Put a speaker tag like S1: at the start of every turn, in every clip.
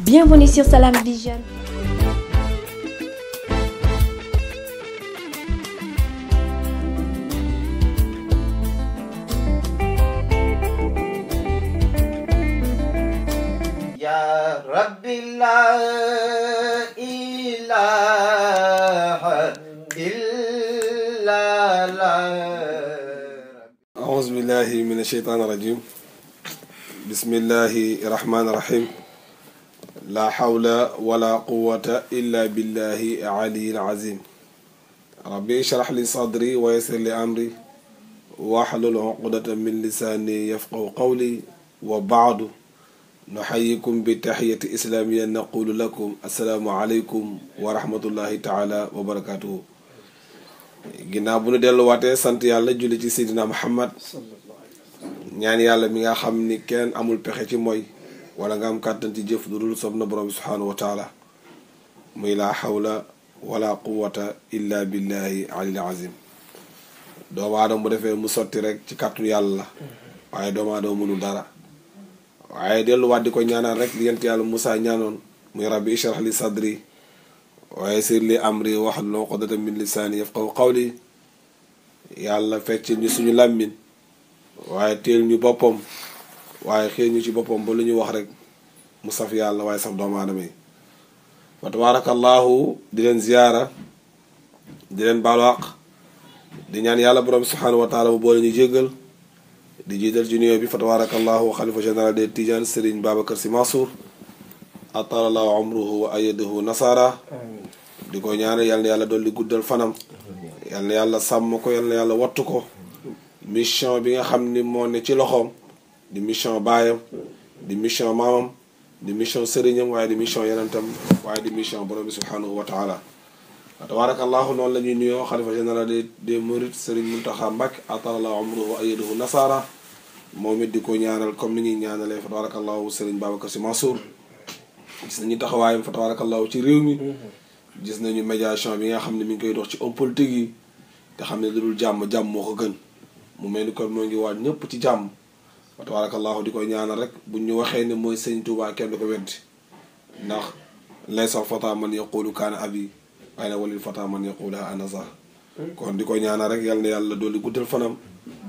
S1: Bienvenue sur Salam Vision.
S2: Ya Rabbi la ilaha illa la.
S3: Auzu billahi mina shaytaani rajiim. Bismillahi rahmaani rahiim. la xawla wala quwata illa billahi aliyil azim rabbi ishrax li sadri wa yassir li amri waxlul uqdata min lisaani yafqahu qawli wa baadu nuxayikum bi taxiyati islaamiya naqulu lakum asalaamu aleykum wa taala wa barakatuhu ginnaaw bu nu delluwaatee sant yàlla julli ci seydina muhammad ñaan yàlla mi nga xam ni kenn amul pexe ci mooy wala nga am kàttan ci jëf lu dul sob na borom bi subhaanahu wa muy laa xawla wala quwata illa billahi alil azim doomu aadama bu defee mu sotti rek ci kàttu yàlla la waaye doomu aadama mënul dara waaye delluwaat di ko ñaanal rek di yent yàlla Musaa ñaanoon muy rabbi ishrah li sadri waaye sir li amri wahlul uqdatan min lisaani yafqahu qawli yàlla fecc suñu làmmin waaye teel ñu boppam waaye xëy ci boppam ba lu ñu wax rek mu saf yàlla waaye saf doomu aadama yi wa tabarakallahu di leen ziyaara di leen baalu di ñaan yàlla borom bi subhaanahu wa taala mu boole ñu jéggal di jiital ci bi fa tabarakallahu xalifa général des Tidiane Serigne Babacar Sy Mansour atalallahu umruhu wa ayadahu nasara di ko ñaanal yal yàlla dolli guddal fanam yal yàlla sàmm ko yal yàlla wattu ko mission bi nga xam ni moo ne ci loxoom di mission baayam di mission maamam di mission sëriñam waaye di mission yenentam waaye di mission borom bi subhanahu wa taala tabarakallahu noonu la ñuy nuyoo xalifa général des des mourides Serigne Mountakha Mbacké atala umru wa ayyadahu moom it di ko ñaanal comme ni ñuy ñaanalee fa tabarakallahu Serigne Babacar Sy Mansour gis nañu taxawaayam fa tabarakallahu ci réew mi gis nañu médiation bi nga xam ne mi ngi koy dox ci homme politique yi te xam ne lu dul jàmm jàmm moo ko gën mu mel ni kon moo ngi waaj ñëpp ci jàmm wa tabarakallahu di koy ñaanal rek bu ñu waxee ne mooy sëñ Tuubaa kenn du ko weddi ndax laysal fata man yaqulu kaana abi waaye nag walil fata man yaqulu ana sax kon di koy ñaanal rek yal na yàlla dolli guddal fanam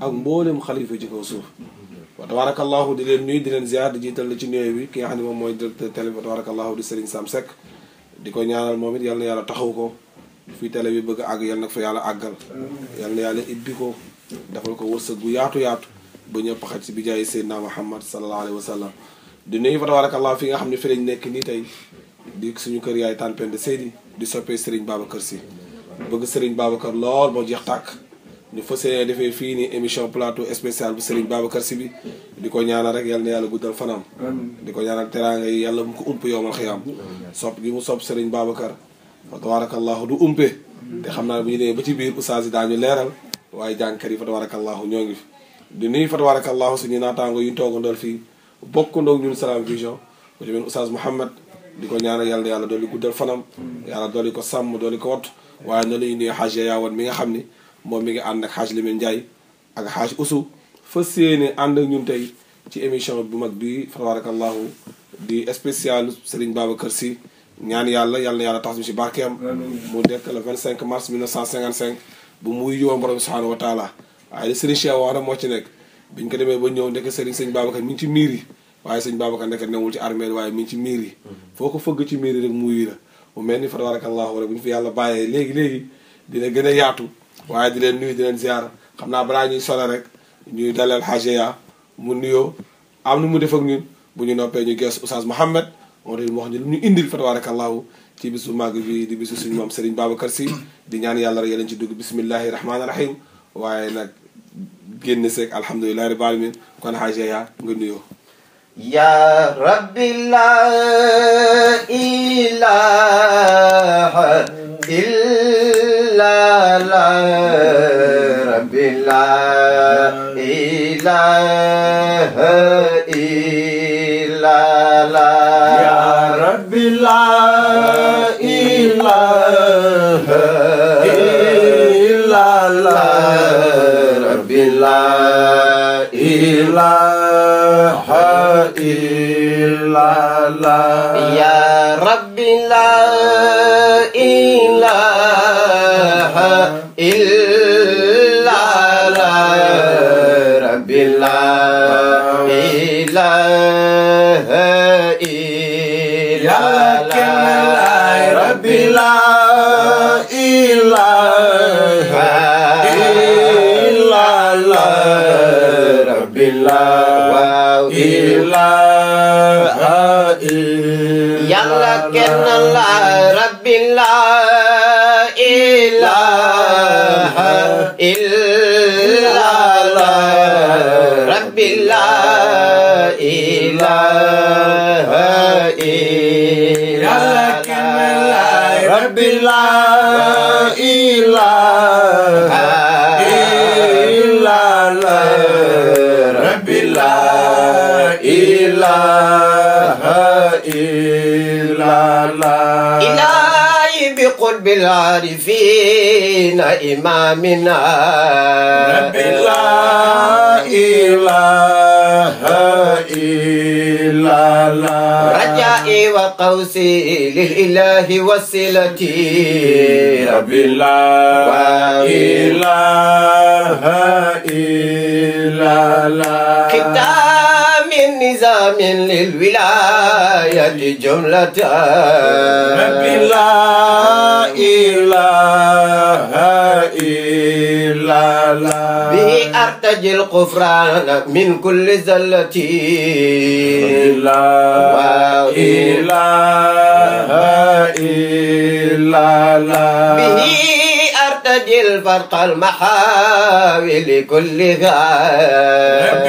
S3: ak mboolem xalifa ci kaw suuf wa tabarakallahu di leen nuyu di leen ziar di jiital la ci nuyoo bi ki nga xam moom mooy directeur télé bi wa tabarakallahu di Serigne Sam Seck di koy ñaanal moom it yal na yàlla taxaw ko fii télé bi bëgg àgg yal na fa yàlla àggal yal na yàlla ibbi ko defal ko wërsëg gu yaatu yaat ba ñëpp xaj si bi jaay Seydina Muhammad sallallahu alayhi wa sallam di nuyu fa tabarakallah fi nga xam ne fi nekk nii tey di suñu kër yaay Tante Penda Seydi di soppee Serigne Babacar Sy bëgg Serigne Babacar lool moo jeex tàkk ñu fas yéene defee fii nii émission plateau spécial bu Serigne Babacar Sy bi di ko ñaanal rek yal na yàlla guddal fanam di ko ñaanal teraanga yi yàlla mu ko ump yowmal xiyaam sopp gi mu sopp Serigne Babacar fa tabarakallahu du umpe te xam naa bu ñu nee ba ci biir oustaz yi daañu leeral waaye jàngkat yi fa tabarakallahu ñoo ngi fi di nuyu fa tabarakallahu suñu naataango yu ñu toogandool fii bokkandoog ñun Salam Vision ku ci mel Oustaz Mouhamed di ko ñaanal yàlla yàlla dooli guddal fanam yàlla dooli ko sàmm dooli ko wattu waaye noonu la ñuy nuyu xaaj yaawoon mi nga xam ni moom mi ngi ànd ak xaaj Lamine Ndiaye ak xaaj Usu fas yéene ànd ak ñun tey ci émission bu mag bi fa tabarakallahu di spécial Serigne kër si ñaan yàlla yàlla yàlla tax ñu si barkeem mu dekk le 25 mars bi bu muy yoon borom subhanahu wa waaye Serigne Cheikh Wade moo ci nekk biñ ko demee ba ñëw ndekk Serigne sëñ Babacar mi ngi ci miir yi waaye sëñ Babacar nekk newul ci armée waaye mi ngi ci miir yi ko fëgg ci miir yi rek muy la mu mel ni fa tabarakallahu rek bu ñu léegi dina gën a yaatu waaye di leen nuyu di leen ziar xam naa balaa ñuy solo rek ñuy dalal xaajeya mu nuyoo am nu mu def ak ñun bu ñu noppee ñu gees Oustaz Mouhamed moo tax mu wax ñu lu ñu indil fa tabarakallahu ci bisu màgg bi di suñu moom Serigne Babacar Sy di ñaan yàlla rek yéen ci dugg bismillahi rahmaani rahim waaye nag génn seeg alhamdulillahi rabbil alamin kon xaaja yaa nga nuyoo
S2: ya rabbi rabbi la ilaha لا إله إلا الله يا ربي لا إله إلا الله ilaaha ilaaha yàlla kenn la rabbi la ilaaha ilaaha rabbi la ilaaha yàlla kenn la rabbi la ilaaha ilaaha قلب العارفين إمامنا رب لا إله إلا رجائي وقوسي للإله وسيلتي ربي لا إله إلا الله ختام النظام للولاية جملة ربي لا إله إلا الله به أرتجي الغفران من كل زلة لا إله إلا الله به أرتجي الفرق المحاول كلها لا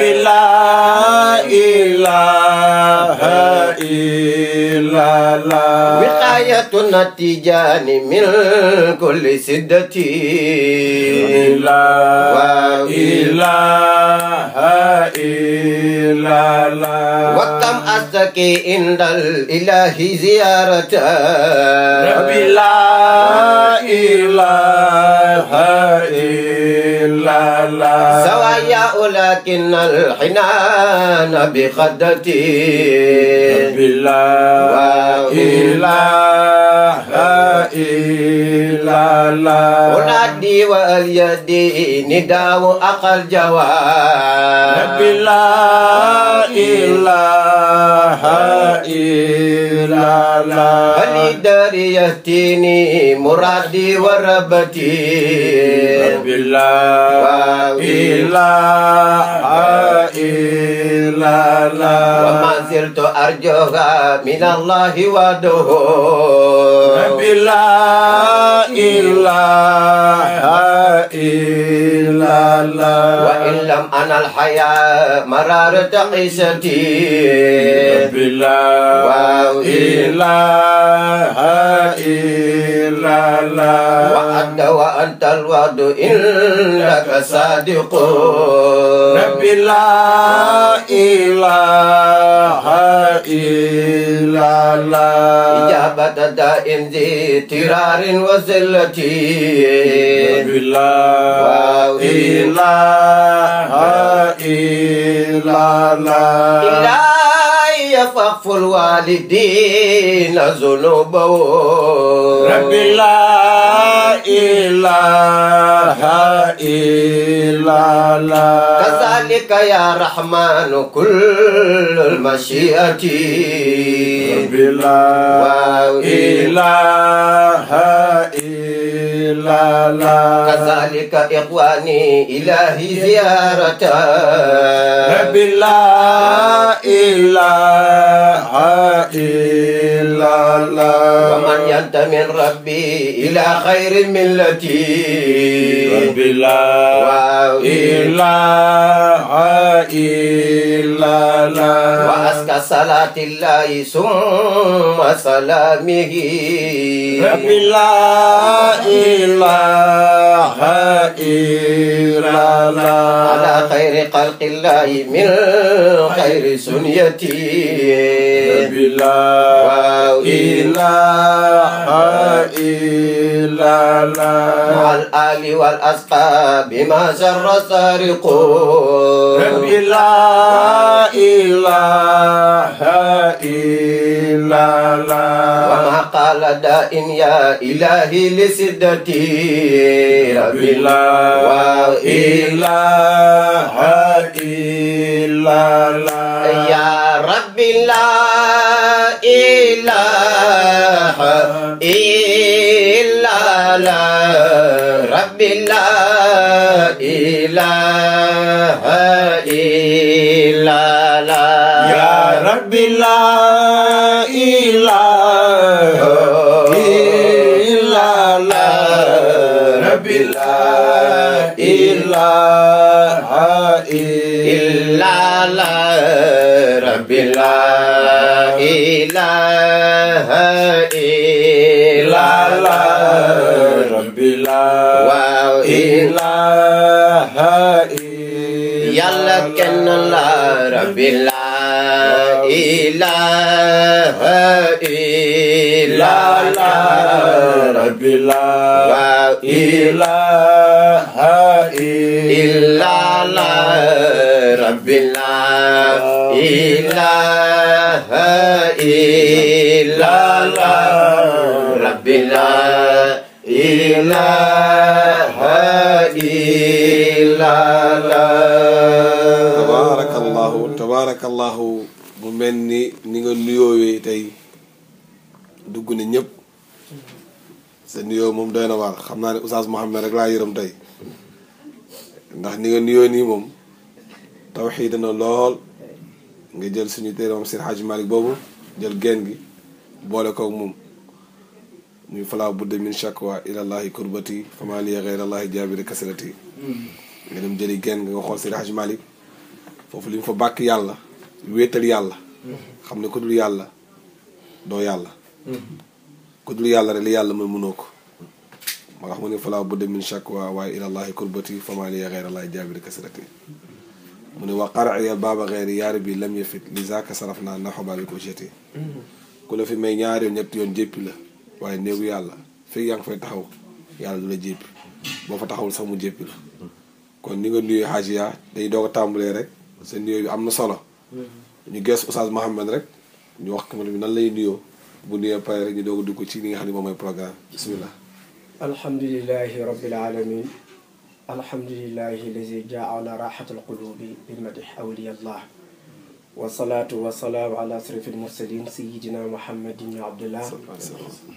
S2: إله إلا لا لا وقاية التجان من كل سدتي لا إله إلا لا وكم أستكي عند الإله زيارة ربي لا إله إلا لا لا سوايا ولكن الحنان بخدتي بلا إله إلا الله ونادي واليدي نداء أقل جواب بلا إله إلا الله الدار يهتيني مرادي وربتي رب الله إله إلا الله وما زلت أرجوها من الله وحده رب الله إله إلا الله وإن لم أنا الحياة مرارة عيسى عيشتي بالله إله إلا الله وأنت وأنت الوعد إنك صادق ربي لا إله إلا الله إجابة دائم ذي ترار وزلتي ربي لا إله إلا الله إلهي فاغفر والدين ذنوبهم ربي لا إله إلا الله كذلك يا رحمن كل المشيئة ربي لا إله إلا إلا لا كذلك إخواني إلهي زيارة رب لا إله إلا لا لا ومن ينت من ربي إلى خير ملتي ربي لا إله
S3: إلا لا وأزكى
S2: صلاة الله ثم سلامه ربي لا إله إلا لا على خير خلق الله من خير سنيتي ربي لا إله إلا الله مع الآل والأصحاب ما شر السارق ربي لا إله إلا الله وما قال داء يا إلهي لسدتي ربي لا إله إلا الله يا ربي لا إله إله
S3: إلا
S2: لا رب لا إله إلا لا يا رب لا إله إلا لا رب لا إله إلا لا رب لا ilaha illallah rabbi la waaw ilaha yàlla kenn rabbi la ilaha illallah rabbi la إلا الله ربي لا إله إلا الله
S3: تبارك الله mu mel ni ni nga tey dugg na ñëpp sa nuyoo moom doy na waar xam naa ne Oustaz Mouhamed rek laa yërëm tey ndax ni nga nuyoo nii moom tawxiid na lool nga jël suñu téere moom seen xaaj Malick boobu jël genn gi boole koog moom ñu falaa budde min shakwa ilallahi kurbati fama liya gayrallahi jaabiri kasrati mm-hmm. nga dem jëli genn nga xool seen xaaj Malick foofu li fa bàkk yàlla wéetal yàlla mm-hmm. xam ne ku dul yàlla doo yàlla mm-hmm. ku dul yàlla rek li yàlla mën mënoo ko moo tax mu ne falaa budde min shakwa waaye ilallahi kurbati fama liya gayrallahi jaabiri kasrati mu ne wa qaraya baaba xeeri yaari bi lam yafit li zaaka saraf naa na xobaabi ko jeté ku la fi may ñaar yoon ñett yoon jéppi la waaye néegu yàlla fekk yaa ngi fay taxaw yàlla du la jéppi boo fa taxawul sax mu jéppi la kon ni nga nuyoo xaajiya dañu doog a tàmbalee rek sa nuyoo bi am na solo ñu gees Oustaz Mohamed rek ñu wax ko bi nan lay nuyoo bu nuyoo pare rek ñu doo a dugg ci li nga xam ne moom mooy programme bisimilah
S1: alhamdulilahi alhamdulillahi allazi jaala raxatal qulubi bi madih awliyallah wasalaatu wasalaamu ala asrafil mursalin sayidina muhammadin wa abdullah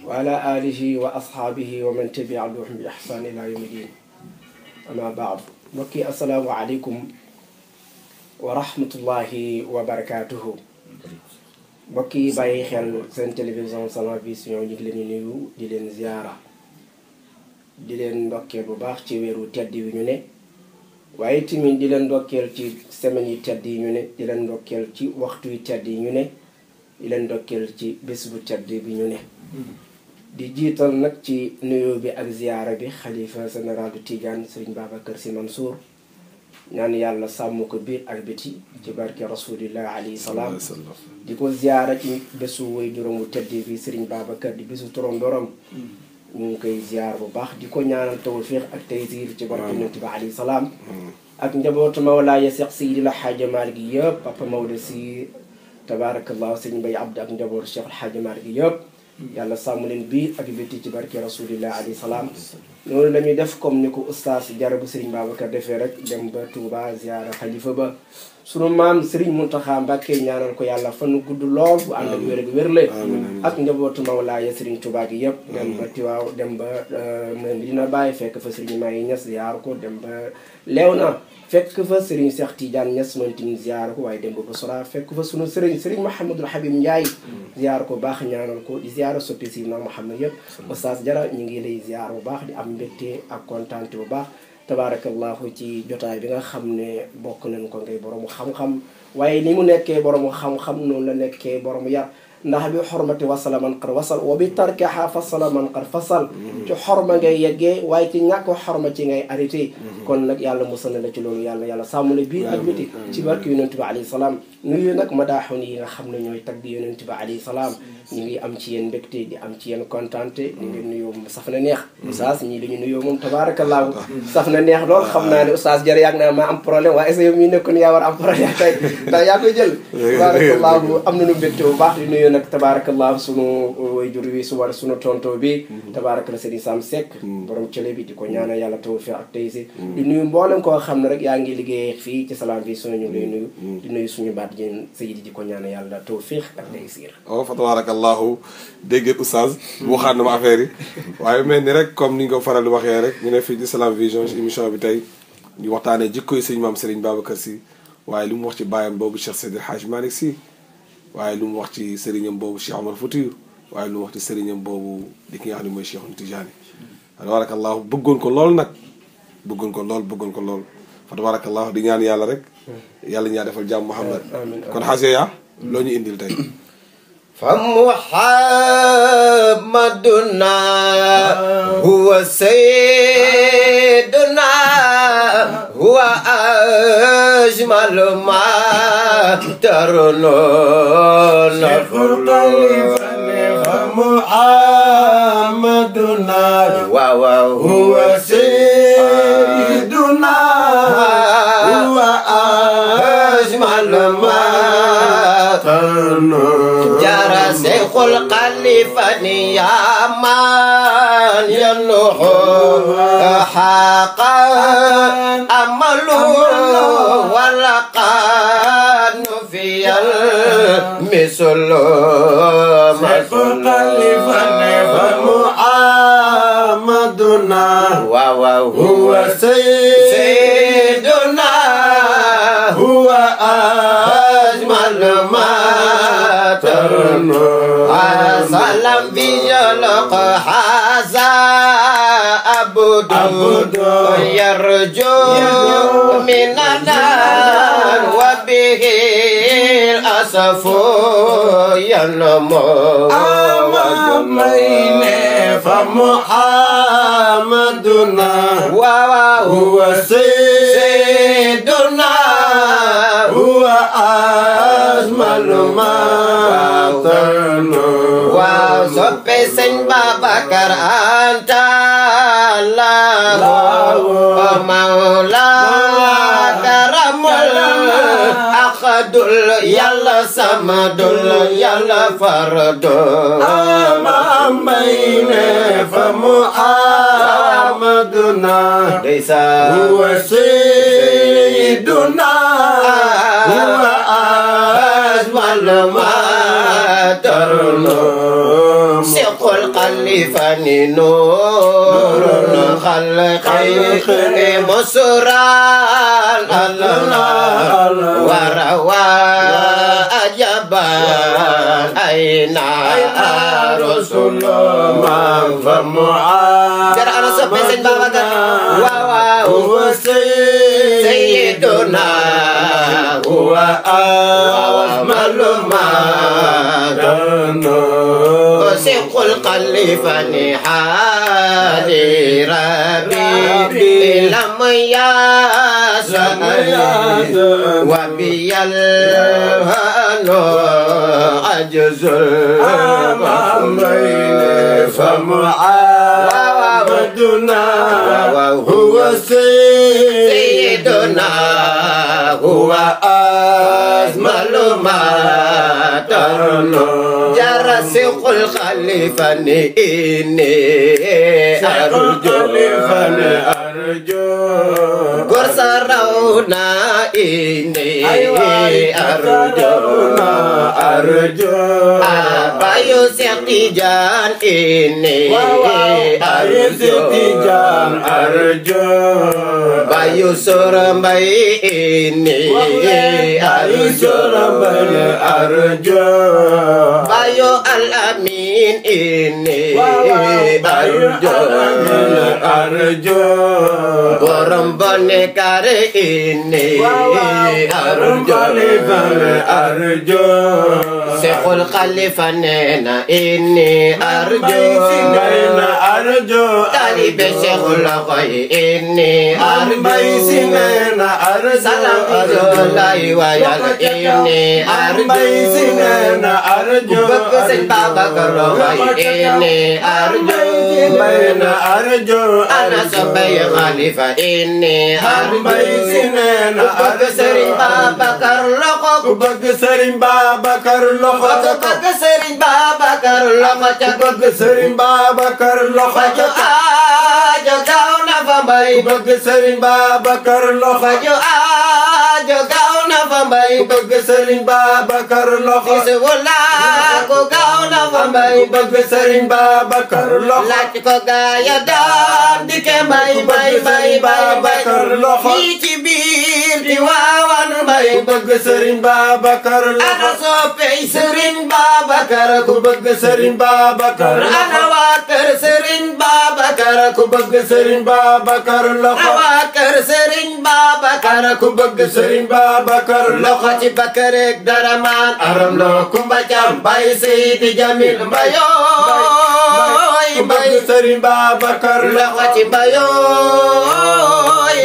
S1: wa ala alihi wa ashaabihi wa man tabiahum bi ihsan ila yawmi din ama baad mbokki asalaamu aleykum wa rahmatullahi wa barakaatuhu mbokki bàyyi xel seen télévision Salam Vision ñu ngi leen di nuyu di leen ziyaara di leen ndokkeel bu baax ci weeru tedd yu ñu ne waaye tamit di leen ndokkeel ci semaine yu tedd yi ñu ne di leen ndokkeel ci waxtu yu tedd yi ñu ne di leen ndokkeel ci bés bu bi ñu ne di jiital nag ci nuyoo bi ak ziyaara bi xalifa général du sëriñ Serigne Babacar Sy Mansour ñaan yàlla sàmm ko biir ak biti ci barke rasulillah alayhi salaam di ko ziyaara ci bésu way juróom wu tedd bi Serigne Babacar di bésu turam borom ñu ngi koy ziar bu baax di ko ñaanal tawfiq ak taysir ci barke yonent bi alayhi salaam ak njabootu Mawlaaya Seex Seydi El Hadji Malick gi yëpp papa Maodo si tabaarakallahu sëñ Mbay Abdu ak njabootu Cheikh El Hadji Malick gi yëpp yàlla sàmm leen biir ak bitti ci barke rasulillah alayhi salaam loolu la ñuy def comme ni ko ustaas jarabu sëriñ Babacar defee rek dem ba Touba ziara xalifa ba sunu maam Serigne Mountakha Mbacké ñaanal ko yàlla fan gudd lool bu ànd ak wér ak wér la ak njabootu Mawlaaya Serigne Touba gi yëpp dem ba Tiwaaw dem ba euh, Medina fekk fa Serigne maa ngi ñes ziar ko dem ba Léona fekk fa Serigne Cheikh Tidiane ñes moom tamit ziar waaye dem ba Basora fekk fa sunu Serigne Serigne Mouhamadul Habib Ndiaye ziar ko baax ñaanal ko di ziar soppi si na Mouhamad yëpp Oustaz Jara ñu ngi lay ziar bu baax di am mbégte ak kontaante bu baax tabaarakallaahu ci jotaay bi nga xam ne bokk nañ ko ngay boroomu xam-xam waaye ni mu nekkee boroomu xam-xam noonu la nekkee boroomu yar ndax bi xormati wasala man qar wasal wa bi tarkaxa fasala man qar fasal mhm. ci xorma ngay yeggee waaye ci ñàkk xorma ci ngay arrêté mhm. kon nag yàlla musal na la ci loolu yàlla yàlla sàmm la biir ak biti ci barke yonent bi alayhi salaam nuyu nag madaaxun yi nga xam ne ñooy tagg yonent bi alayhi salaam ñu ngi am ci yéen mbégte di am ci yéen kontaante di ngeen nuyoo moom saf na neex oustaz ñii dañu nuyoo moom tabaarakallaahu saf na neex lool xam naa ne oustaz jërë yàgg naa maa am problème waaye essayé mi nekkoon yaa war am problème tey ndax yaa koy bu baax di nuyoo nag tabaarakallaahu sunu uh, wayjur wi su war sunu tonto bi mm-hmm. tabaarakallaahu Serigne Sam Seck mm-hmm. borom cële bi di ko ñaanal yàlla tawfiq ak taysi mm-hmm. di nuyu mboolem koo xam ne rek yaa ngi liggéey fii ci Salam Vision
S3: ñu lay nuyu di nuyu suñu baat jeen sayidi di ko ñaanal yàlla tawfiq ak taysiir oh, allahu déggee oustaz waxaat na ma affaire yi waaye mel ni rek comme ni nga ko faral di waxee rek ñu ne fii di Salam Vision émission bi tey ñu waxtaanee jikkoy sëñ maam Serigne Babacar Sy waaye lu mu wax ci baayam boobu Cheikh Seydi Hadj Malick Sy waaye lu mu wax ci sëriñam boobu Cheikh Omar Foutiyou waaye lu mu wax ci sëriñam boobu di ki nga xam ne mooy Cheikh Tidiane tabarakallahu bëggoon ko lool nag bëggoon ko lool bëggoon ko lool fa tabarakallahu di ñaan yàlla rek yàlla ñaa defal jàmm Muhammad kon xase ah, loo ñu indil tey فمحمدنا
S2: هو سيدنا هو أجمل ما ترنون فمحمدنا هو سيدنا هو أجمل ما ترنون شيخ القلب يا من ينوح حقا أمله ولقد نفي المثل شيخ القلب فمحمدنا هو سيدنا هو أجمل ما ترنو ربي يلق هذا عبد يرجو من النار وبه الأسف ينمو أمامين فمحمدنا هو سيدنا هو أجمل ما ترنو أكبر أنت الله مولاك رب أحد يلا سمد يلا فرد أمام بين فمحمدنا ليس هو سيدنا هو أجمل ما فني نور الخلق مسرى الله وروى أجبا أين رسول من فمعا جرى أنا سبسين بابا واو سيدنا هو أجمل ما كان وسق القلب فنحالي ربي لم يزل وبي الهن عجز المحمين فمعابدنا وهو سيدنا هو أزمل ما ترنو سيق الخليفني إني أرجو أرجو قرص الروض إني أرجو أرجو أبايو سيتيجان إني أرجو أرجو بايو سورمبي إني أرجو أرجو بايو الأمين إني أرجو أرجو برم بنكار إني أرجو لفن أرجو شيخ الخليفة نينا إني أرجو نينا أرجو طالب شيخ الخي إني أرجو نينا أرجو سلام الله ويا إني أرجو نينا أرجو بك سيد بابا كروي إني أرجو نينا أرجو أنا سبي خليفة إني أرجو نينا أرجو bëgg Serigne Babacar loxo. ku bëgg Serigne Babacar loxo. ku bëgg Serigne Babacar loxo ca. ku bëgg Serigne Babacar loxo ca. aajo gaaw na fa mbay. ku bëgg Serigne Babacar loxo. aajo gaaw na fa mbay. ku bëgg Serigne Babacar loxo. is walaay ku gaaw na fa mbay. ku bëgg Serigne Babacar loxo. laaj ko gaa ya daan di ke mbay mbay mbay mbay. ku bëgg Serigne Babacar loxo. lii ci biir. ci waawan mbay bëgg sëriñ Babacar la ana soppey sëriñ Babacar ku bëgg sëriñ Babacar ana waa kër sëriñ Babacar ku bëgg sëriñ Babacar loxo waa kër sëriñ Babacar ku bëgg sëriñ Babacar loxo ci bakkareeg dara maan aram loo kumba jam bay Seydi Jamil mbayoo ku bëgg sëriñ Babacar loxo ci mbayoo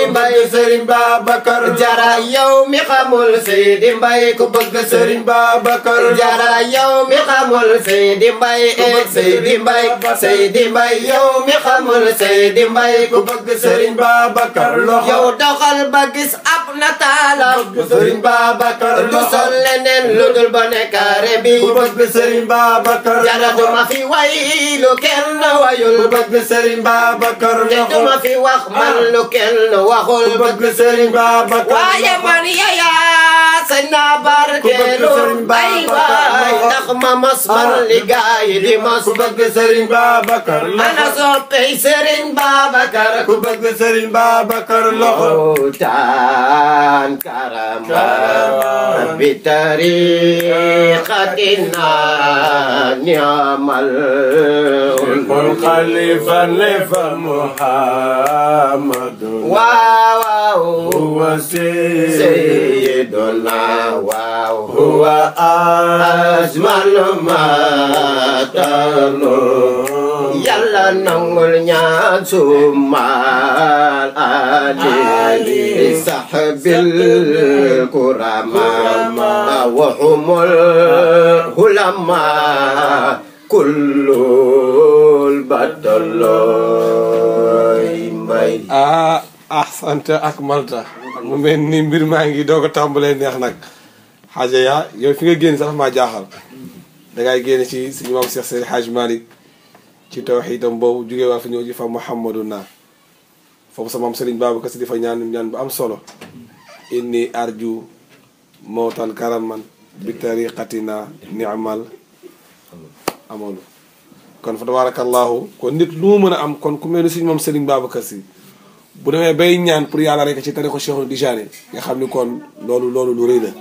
S2: Mbaye Serigne Babacar Diarra yow mi xamul Seydi Mbaye ku bëgg Serigne Babacar Diarra yow mi xamul Seydi Mbaye eh Seydi Mbaye Seydi Mbaye yow mi xamul Seydi Mbaye ku bëgg Serigne Babacar loxo yow doxal ba gis ab nataalam Serigne Babacar loxo du sol leneen lu dul ba ne carré bi ku bëgg Serigne Babacar Diarra duma fi way lu kenn wayul ku bëgg Serigne Babacar loxo duma fi wax man ah. lu kenn wa taxul bëgg Sëriñ Babacar waaye man yaya sañ naa barkeelu ay waay ndax ma mas man liggéey di mas ku bëgg Sëriñ Babacar ana soppey Sëriñ Babacar ku bëgg bi tariqatina niamal kun khalifa li fa واو هو سيدنا واو هو أجمل ما ترنو yàlla nangul ñaan sumaal ali sahbil kurama wa humul hulama kullul bataloy
S3: mbay ah. ah sant ak Malta. mu mel ni mbir maa ngi doog a tàmbalee neex nag. xaaja yaa yow fi nga génn sax maa jaaxal. dangay génn ci suñu maam Cheikh Seydi Hadj Malick ci tawxiidam boobu jugee waa fi ñëw ji fa Mouhamadou naa foofu sama maam Serigne Babacar Sy di fa ñaan ñaan bu am solo. inni arju mawtan karaman bi tariqatina ni'mal amalu kon fa tabarakallahu kon nit lu mu mën a am kon ku mel ni suñu maam Serigne Babacar bu demee bay ñaan pour yàlla rek ci tariqu di Tijani nga xam ni kon loolu loolu lu rëy la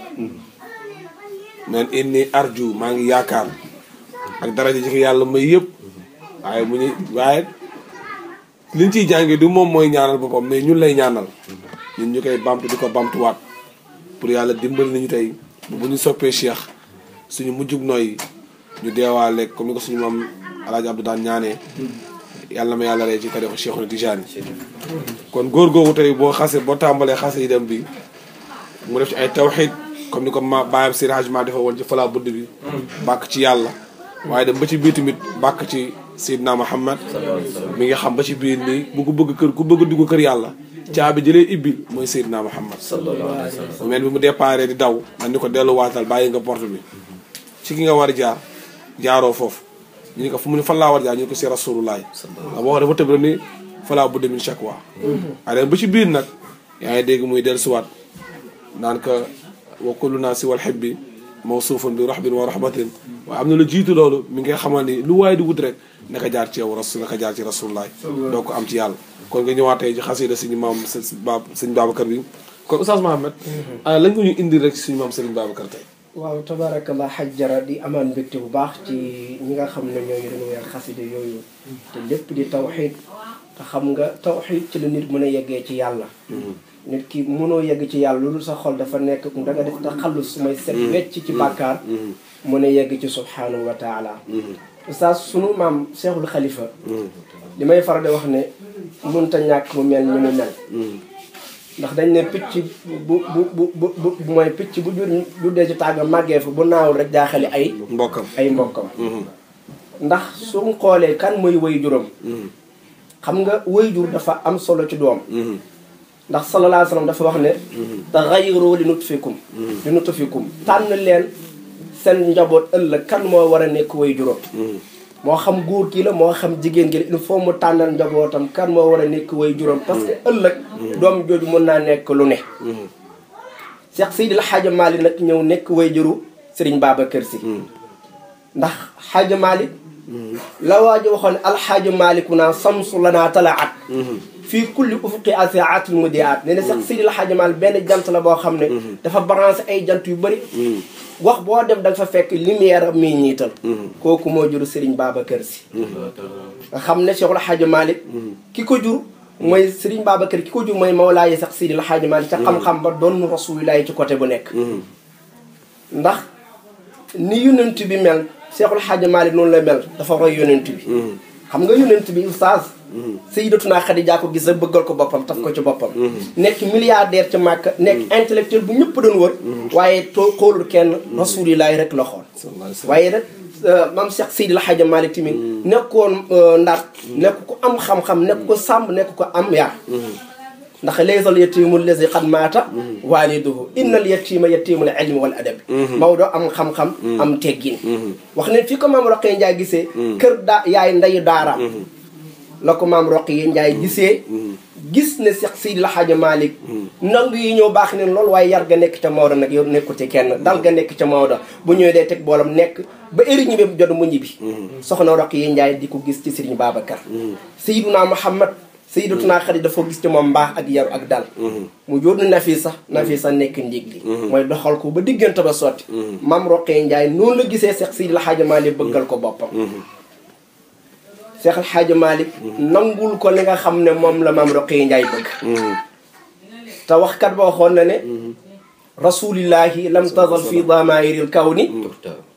S3: man inni arju maa ngi yaakaar ak daraja ji yàlla may yëpp waaye mu ñu waaye liñ jànge du moom mooy ñaanal boppam mais ñun lay ñaanal ñun ñu koy bamtu di ko bamtuwaat pour yàlla dimbali nañu tey bu ñu soppee Cheikh suñu mujjug nooy ñu deewaale comme ni ko suñu maam El Hadj Abdou daan ñaanee yàlla ma yàlla rey ci tariixa Cheikhuna Tijaani kon góor googu tey boo xasee boo tàmbalee xase yi dem bi mu def ci ay tawxiid comme ni ko ma baayam Seydi Hajji Maalik dafa woon ci bàkk ci yàlla waaye dem ba ci biir tamit bàkk ci Seydina Muhammad mi ngi xam ba ci biir bi bu bëgg kër ku bëgg dugg kër yàlla caabi jële ibbi mooy Seydina Muhammad mu mel bi mu déparé di daw man ni ko delluwaatal bàyyi nga porte bi ci ki nga war jaar jaaroo foofu ñu ne ko fu mu ne fan laa war jaar ñu ne ko si rasulullaay ndax boo xam ne fa tëb rek ni falaa budda min shakwa mm-hmm. waaye ba ci biir nag yaa ngi dégg muy dellusiwaat naan ka wa kullu naa si wal xeb bi mawsuufun bi rahbin wa rahmatin waaye am na lu jiitu loolu mi ngi xamal ni lu waaye di wut rek naka jaar ci yow rasul naka jaar ci rasulullaay doo ko am ci yàlla kon nga ñëwaat tey ci xasida suñu maam sëñ Babacar bi kon Oustaz Mohamed mm-hmm. ah lañ ko ñu indi rek suñu maam Serigne Babacar tey
S1: waaw tabaarakallah xaj jara di amaan mbégte bu baax ci ñi nga xam ne ñooy renouer xaside yooyu te lépp di tawxiid te xam nga tawxiid ci la nit mën a yeggee ci yàlla mhm. nit ki mënoo yegg ci yàlla loolu sa xol dafa nekk danga nga def taxallus may set mhm. wecc ci mhm. bàkkaar mën a yegg ci subhaanahu wa taala oustaz sunu maam seexul xalifa li may faral wax ne mënta ñàkk mu mel ni mu mel ndax dañ ne picc bu bu bu bu mooy picc bu jur juddee ci tàggam màggee fa bu naawul rek jaaxali ay. mbokkam ay mbokkam. Mm-hmm. ndax suñ xoolee kan mooy way juram. Mm-hmm. xam nga way jur dafa am solo ci doom. Mm-hmm. ndax sallallahu alayhi dafa wax ne. taxayru li nutfikum. li nutfikum tànn leen seen njaboot ëllëg kan moo war a nekk way juram. moo xam góor kii la moo xam jigéen gi la il faut mu tànnal njabootam kan moo war a nekk way juróom parce que ëllëg mm-hmm. doom jooju mën naa nekk lu ne mm-hmm. Cheikh Seydil Hadj Malick nag ñëw nekk way juru Serigne Babacar Sy mm-hmm. ndax Hadj Malick la waa ji waxoon alxaaji maaliku naa samsu lanaa talaat fii kulli ufuqi asaatul mudiaat nee na sax benn jant la boo xam ne dafa branché ay jant yu bari wax boo dem da nga fekk lumière mii muy ñiital mhm. kooku moo jur Serigne Babacar Sy nga mhm. xam ne Cheikhul Hadji Malick mhm. ki ko jur mooy Serigne Babacar ki ko jur mooy Mawlaaye sax Seydil Hadji Malick ca xam-xam ba doon Rasulullah ci côté bu nekk ndax ni yonent bi mel Cheikhul Hadji Malick noonu la mel dafa roy yonent bi xam nga yonent bi oustaz sayyidatuna Xadija ko gis a bëggal ko boppam taf ko ci boppam mm-hmm. nekk milliardaire ci Màkka nekk mm-hmm. intellectuel bu ñëpp doon wër mm-hmm. waaye too xoolul kenn rasulillahi rek la xool waaye rek euh, maam Cheikh Seydi la Hadji Malick tamit nekkoon euh, ndar nekk ko am xam-xam nekk ko sàmm nekk ko am yaa ndax laysal yatiimu lazi qad maata doo innal yatiima yatiimul ilmi wal adabi mm-hmm. Maodo am xam-xam mm-hmm. am teggin mm-hmm. wax ne fii ko maam Roqee Njaay gisee kër da yaay ndeyu daaraam la ko maam Roqee Njaay gisee gis ne Seex Seydi El Hadji Malick nangu yi ñëw baax neen lool waaye yar ga nekk ca Maodo nag yow nekku ci kenn dal ga nekk ca Maodo bu ñëwee dee teg boolam nekk ba éri ñi jot mu ñibbi soxna Roqee Njaay di ko gis ci Sëriñ Babacar Seydina Muhammad sayyidatuna Xadija dafa gis ci moom mbaax ak yaru ak dal mhm. mu jóor na Nafisa Nafisa nekk ndiig li mhm. mooy doxal ko ba diggante ba sotti maam mhm. Roqee Njaay noonu la gisee Seex la El Hadji Malick bëggal ko boppam Seex El Hadji Malick nangul ko li nga xam ne moom la maam Roqee Njaay bëgg te waxkat ba waxoon na ne rasulillahi lam tazal fi damairil kawni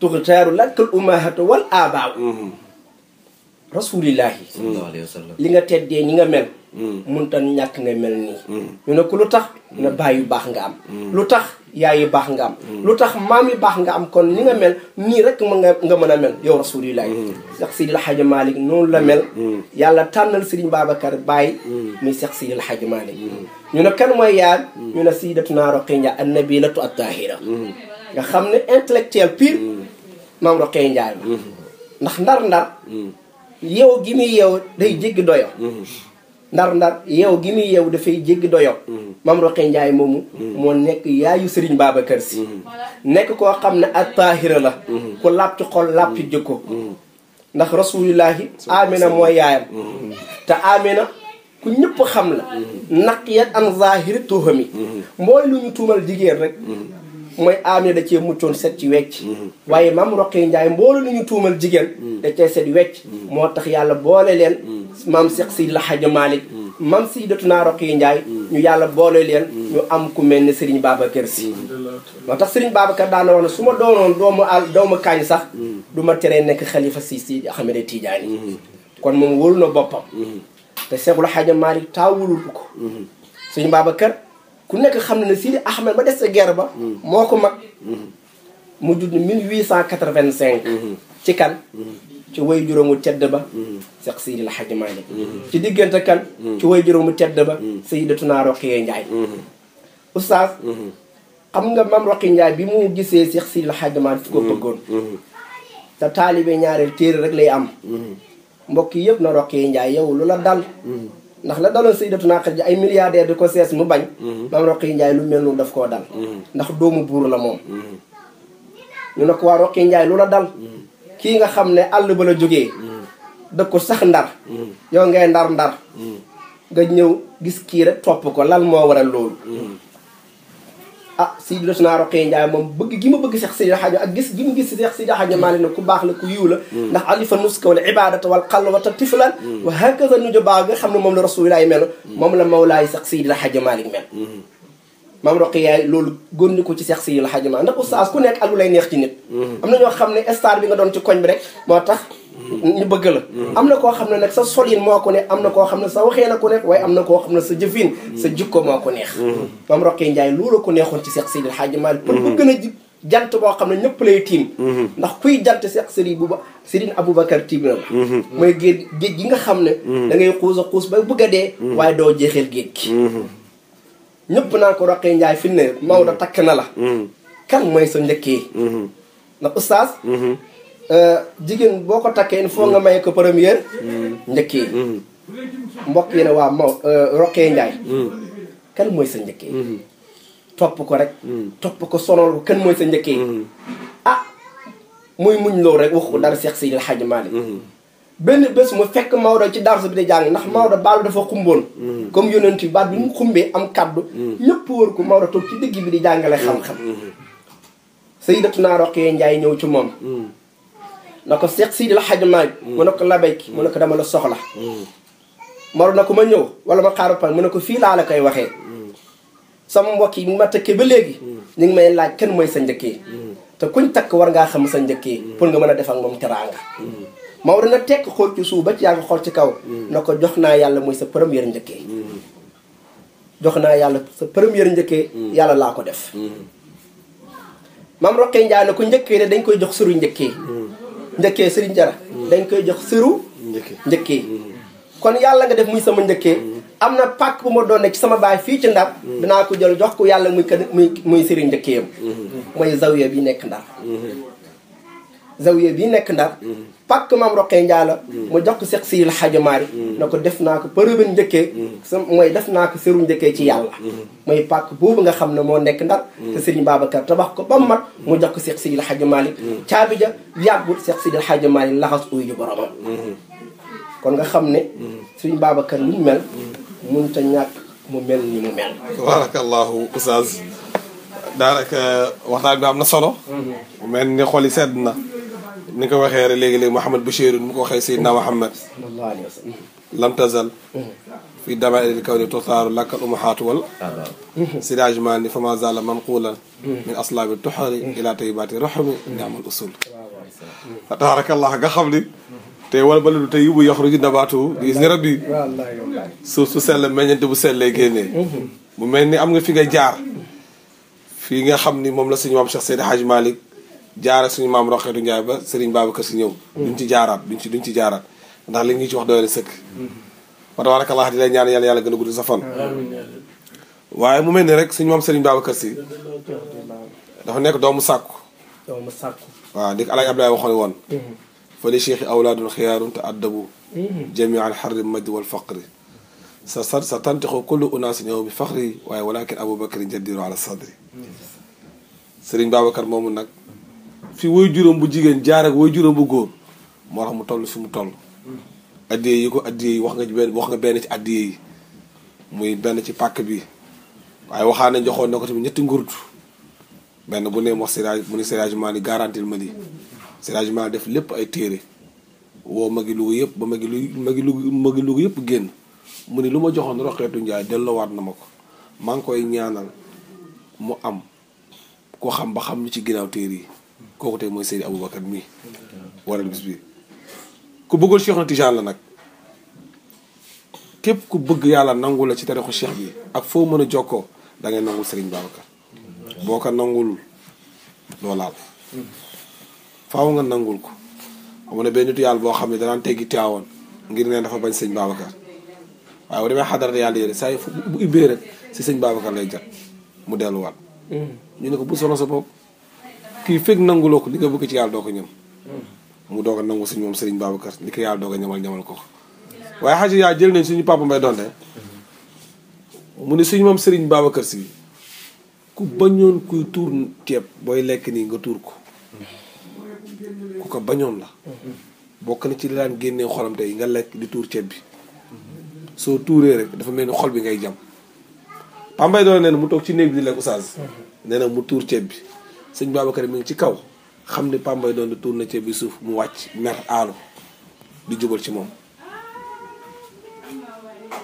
S1: tuxtaaru lakal umahatu wal abaaw rasulillahi li nga teddee ñi nga mel hmm. munta ñàkk nga mel nii hmm. ñu ne ko lu tax hmm. na baay yu baax nga am lu tax yaay yu baax nga am lu tax maam yu baax nga am kon ni nga mel nii rek mën nga nga mën a mel yow rasulillahi Cheikh la xaj Malick noonu la mel yàlla tànnal si Serigne Babacar Baye muy Cheikh Sidil Hadji Malick ñu ne kan mooy yaay ñu ne Sayyidatuna Roqaya an-Nabilatu at-Tahira nga xam ne intellectuel pur maam Roqaya Ndiaye la ndax ndar ndar yeew gi muy yeew day jéggi doyo mm-hmm. ndar ndar yeew gi muy yeew dafay jéggi doyo Mame Rokhaya Ndiaye moomu mm-hmm. moo nekk yaayu Serigne Babacar Sy mm-hmm. nekk koo xam ne ak taahira la ku làpp ci xol làpp ci jikko ndax rasulillahi amina mooy yaayam te amina ku ñëpp xam la naq yat am zahiri tuuxam yi mooy lu ñu tuumal jigéen rek mooy aamina da cee muccoon set ci wecc mm-hmm. waaye maam roqee njaay mboolu lu ñu tuumal jigéen mm-hmm. da cee set wecc mm-hmm. moo tax yàlla boole leen maam seex si laxaja maalik maam si datunaa roqee njaay ñu yàlla boole leen am ku mel ne sëriñ babacar si moo tax sëriñ babacar daana wax ne su ma doonoon doomu al doomu kaañ sax du ma teree nekk xalifa si si axamada tiijaani kon moom wóolu na boppam te seexul xaja maalik taawulul ko sëriñ babacar ku nekk xam na ne Sidi Ahmed ba des sa guerre ba. Hmm. moo ko mag. Hmm. mu judd 1885. Hmm. ci kan. ci way juróomu tedd ba Seex Sidil Hajji Maalik ci diggante kan ci way juróomu tedd ba Sayyidatuna Roqiya Njaay oustaz xam nga mam Roqiya Njaay bi mu gisee Seex Sidil Hajji Maalik fi ko bëggoon te taalibe ñaareel téere rek lay am mbokk yëpp na Roqiya Njaay yow lu dal ndax la daloon sayyidatuna Xadiija ay milliardaire di ko sees mu bañ mhm. maam Roqi Njaay lu mel noonu daf koo dal mhm. ndax doomu buur la moom mhm. ñu ne ko waa Roqi Njaay lu la dal kii nga xam ne àll ba la jógee dëkku sax ndar yow ngay ndar ndar nga ñëw gis kii rek topp ko lan moo waral loolu ah Seydou Sna Roqee Ndiaye moom bëgg gi ma bëgg Cheikh Seydi Hadji ak gis gi mu gis Cheikh Seydi Hadji Malick na ku baax la ku yiw la hmm. ndax alifa nuska wal ibadata wal xalwata tiflan hmm. wa hakaza nujo baax nga xam ne moom la rasulilaay mel hmm. moom la mawlaay Cheikh Seydi Hadji Malick mel maam Roqee loolu gónni ko ci Cheikh Seydi Hadji Malick ndax oustaz ku nekk ak lu lay neex ci nit am na ñoo xam ne star bi nga doon ci koñ bi rek moo tax bëgg la am na koo xam ne nag sa solin moo ko neex am na koo xam ne sa waxee na ko neex waaye am na koo xam ne sa jëfin sa jikko moo ko neex maam Roqee Njaay loolu ko neexoon ci Seex Seydi El Hadji Malick pour bu gën a jib jant boo xam ne ñëpp lay tiim ndax kuy jant Seex Sëriñ Buba Sëriñ Aboubacar tiim na la mooy géej géej gi nga xam ne da ngay xuus a xuus ba bëgg dee waaye doo jeexeel géej gi ñëpp naa ko Roqee Njaay fi ne Maodo takk na la kan mooy sa njëkkee ndax oustaz Euh, jigéen boo ko takkee il faut nga may ko première mm. njëkk yi mm. mbokk yi ne waa Maw Roqee Njaay kan mooy sa njëkk yi mm. topp ko rek topp ko sonal ko kenn mooy sa njëkkee yi ah muy muñ loolu rek waxu dara Seex Seydil xaj Malick benn bés mu fekk Maodo ci darsu bi di jàng ndax Maodo baal dafa xumboon comme yonent yi baat bi mu xumbee am kaddu ñëpp wër ko Maodo toog ci digg bi di jàngale xam-xam Sayyidatuna Roqee Njaay ñëw ci moom na ko Seex Sidi la xaj maay mu ne ko labayki mu ne ko dama la soxla mm. maru na ko ma ñëw wala ma xaaru pan ne ko fii laa la koy waxee mm. sama mbokk yi ma tëkkee ba léegi mm. ñu ngi laaj kenn mooy sa njëkkee te kuñ takk war ngaa xam sa njëkkee pour nga mën a def ak moom teraanga Maodo na tekk xool ci suuf ba ci yaa xool ci kaw na ko jox naa yàlla mooy sa première njëkkee jox naa yàlla sa première njëkkee yàlla laa ko def maam Roqee Njaay na ko njëkkee dañ koy jox suru njëkkee njëkkee sëriñ jara dañ koy jox sëru njëkkee mm-hmm. kon yàlla nga def muy sama njëkkee mm-hmm. am na pàkk bu ma doon ne ci sama baay fii ci ndar mm-hmm. danaa ko jël jox ko yàlla muy kën muy muy sëriñ njëkkeeyam mooy zawiya bi nekk ndar zawiya bi nekk ndar pàkk maam roqee njaala mm. mu jox ko Seex Sidi mm. na ko def naa ko përëbën njëkkee mm. sa mooy def naa ko seru njëkkee ci yàlla mooy pàkk boobu nga xam ne moo nekk ndar te Serigne Babacar tabax ko ba mu mat mu jox ko Seex Sidi El Hadji Maalik caabi ja yàggul Seex Sidi El Hadji Maalik laxas uyu ju boromam kon nga xam ne Serigne Babacar lu mu mel mun ta
S3: ñàkk mu mel ni mu mel tabarakallahu oustaz daanaka waxtaan bi am na solo
S1: mm-hmm.
S3: mel ni xol yi sedd na ni ko waxee rek léegi-léegi Mouhamed Bachir mu ko waxee Seydina Mouhamed lam tazal mm-hmm. fii damail kaw ni tutaaru lakkal umahaatu wal mm-hmm. sidagement ni fama zala manqulan mm-hmm. min aslaabi toxari ila tayibaati rahmi ni amal usul fa tabaarakallah nga xam ni te wal baladu tayyibu yaxruju nabaatu bi izni rabbi suuf su sell bu sellee génnee mu mel ni am nga fi nga jaar fi nga xam ni moom la suñu maam Cheikh Seydi Hadj jaara suñu maam Roxeetu Njaay ba Sëriñ Babacar Si ñëw mm-hmm. duñ ci jaaraat duñ ci duñ ci jaaraat ndax li ñu ci wax doole sëkk mm-hmm. wa tabarakallah di yàlla yàlla gën a gudd sa fan waaye mu mel ni rek suñu maam Sëriñ Babacar Si dafa nekk doomu sàkku doomu sàkku waaw di ko alaaj Ablaay waxoon woon mm-hmm. fa li cheikhi awlaadun xiyaarun te addabu sa sa sa tantixu kullu unaasin bi faqri waaye walakin abou bacri jaddiru ala sadri Sëriñ Babacar moomu nag fi woy juróom bu jigéen jaar ak woy juróom bu góor moo tax mu toll fi mu toll addiyee yi ko addiyee yi wax nga benn wax benn ci addiyee yi muy benn ci pàkk bi waaye waxaa nañ joxoon na ko tamit ñetti ngurut benn bu ne wax sérage mu ne séragement ni garantil ma lii séragement def lépp ay téere woo magi lugu yëpp ba magi lu magi lugu magi lugu yëpp génn mu ni lu ma joxoon roqeetu njaay delloowaat na ma ko maa ngi koy ñaanal mu am ko xam ba xam ñu ci ginnaaw téere yi kooku tey mooy Seydi Aboubacar mii waral bis bi ku bëggoon Cheikh na Tijaan la nag képp ku bëgg yàlla nangu la ci tarixu Cheikh bi ak foo mën a jokkoo dangay ngay nangul Serigne Babacar boo ko nangul loolaal faaw nga nangul ko amoon na benn nitu yàlla boo xam ne danaan teggi tiyaawoon ngir ne dafa bañ sëñ Babacar waaye bu demee xadarat yàlla yére saa yu bu ubbee rek si sëñ Babacar lay jot mu delluwaat. Mm. ñu ne ko bu solo sa bopp. kii fekk nanguloo ko li nga bëgg ci yàlla doo ko ñam mu doog a nangu suñ moom Serigne Babacar li ko yàlla doog a ko waaye xaji yaa jël suñu papa mbay mu ne suñu moom Serigne Babacar si ku bañoon kuy tuur ceeb booy lekk nii nga tuur ko ku ko bañoon la bokk na ci li daan génnee xolam tey nga lekk di tuur ceeb bi soo tuuree rek dafa mel ni xol bi ngay jam pambay doon nee na mu toog ci néeg bi di lekk oustaz nee mu tuur ceeb bi sëñ Babacar mi ngi ci kaw xam ni pambay doon di tuur na ceeb bi suuf mu wàcc mer aalu di jubal ci moom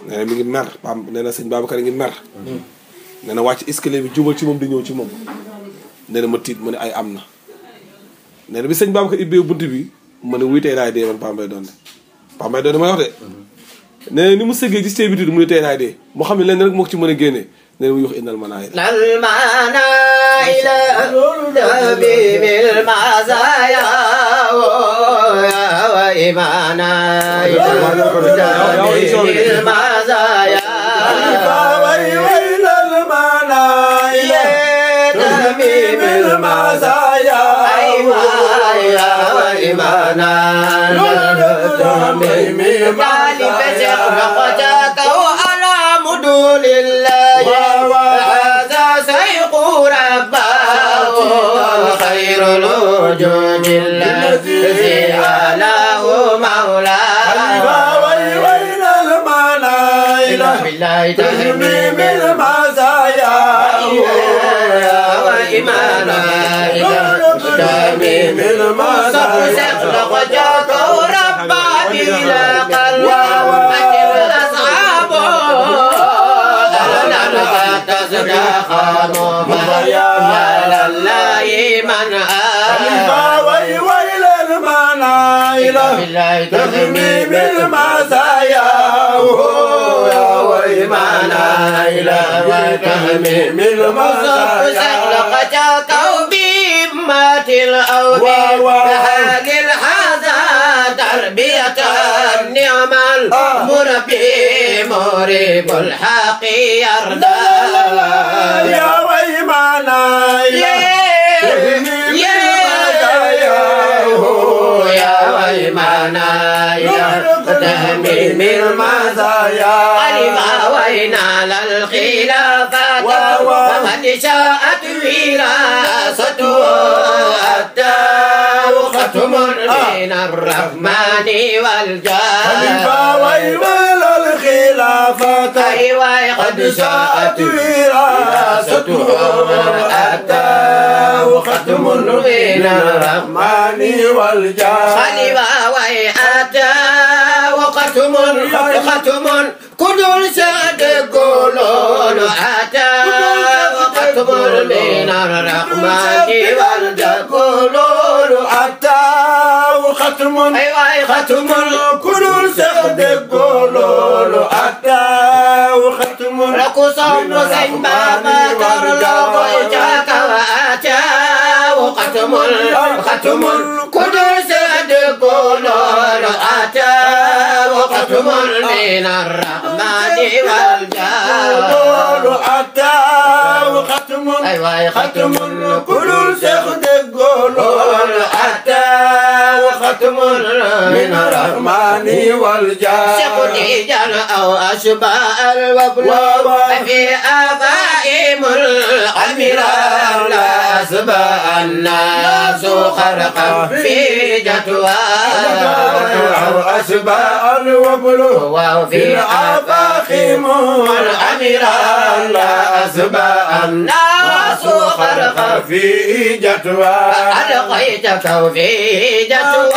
S3: nee na mi ngi mer pam nee na sëñ Babacar ngi mer nee na wàcc escalier bi jubal ci moom di ñëw ci moom nee na ma tiit ma ne ay am na nee na bi sëñ Babacar ibbee bunt bi ma ne wuy tey laay dee man pambay doon de pambay doon de may wax de nee ni mu sëggee ci ceeb bi mu ne tey laay dee moo xam ne lenn rek moo ko ci mën a génnee nee na mu yuux innal manaayil nal
S2: manaayil tabibul masaaya wa imanaayi tabibul masaaya wa innal manaayil tabibul masaaya wa imanaayi tabibul masaaya وجود الذي أعلاه مولاه ويل المنايل بالله تهميم المزايا وإيمانا إلى تهميم المزايا سخلق جاكو ربا بلا قلب خانوا يا لله من آه تغني بالمزايا يا ويمانا إلى تغني بالمزايا لقد توبي مات الأوبي فهذه الحياة تربية نعم المربي مريب الحق يرضى يا ويمانا يا تهمي من مزايا علم وينا للخلافات ومن شاءت وراثته الدار وختم من الرحمن والجاه خليفة ويوال الخلافة أيوة قد ساءت وراثته أتاه ختم من الرحمن والجاه خليفة وأتاه ختم ختم كل سعد قولون أتاه من الرحمن والجبلول أتاه ختم أيوة ختم كل سعد القلول أتاه ختم رقصان زين بابا ترى الله جاك وأتاه ختم ختم كل سعد القلول أتاه ختم من الرحمن والجبلول أتاه yow xatmun xatmun ku dul seex déggoo lool ختم من الرحمن والجاه سقطي جان أو أشباء الوبل ففي آبائهم الأميران لا أسباء الناس خرقا في جدوى أو أشباء الوبل وفي آبائهم الأميران لا أسباء الناس خرقا في جدوى ألقيتك في جدوى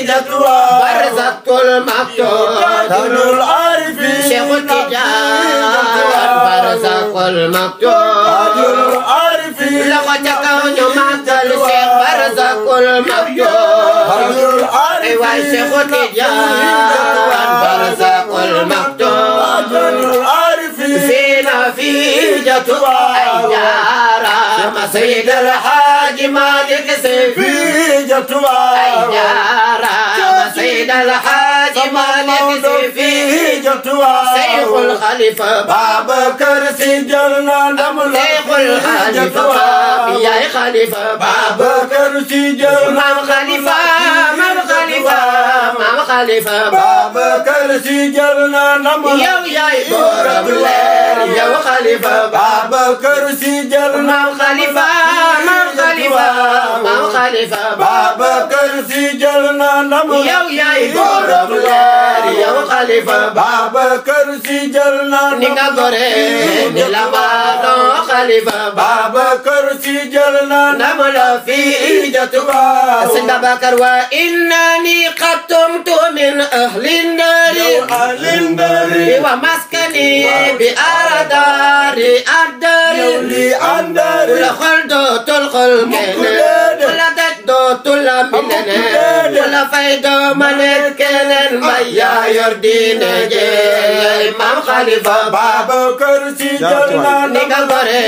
S2: عقيدتها برزت كل مقتول دول العارفين شيخ التجار برز كل مقتول دول العارفين لقد كون مقتول شيخ برز كل مقتول دول العارفين شيخ التجار برز كل مقتول دول العارفين فينا في جتوا أيارا مقام سيد الحاج مالك سيفي جتوا أي دار سيد الحاج مالك سيفي جتوا شيخ الخليفة بابكر سجلنا نملا شيخ الخليفة يا خليفة بابكر سجلنا خليفة xalifa Babacar Si jël na ndam yow yaay borom leer yow xalifa Babacar Si jël na xalifa maam xalifa Si jël na ndam yow yaay borom leer Si jël na ndam fii jatuba singa bakar wa innani qatumtu min ahli ndari ahli ndari wa maskani bi aradari addari li andari la xol dootul xol la fay doo ma nekk keneen mbay yaa yor diine jeey maam Khalifa Babacar Si jël na ni nga gore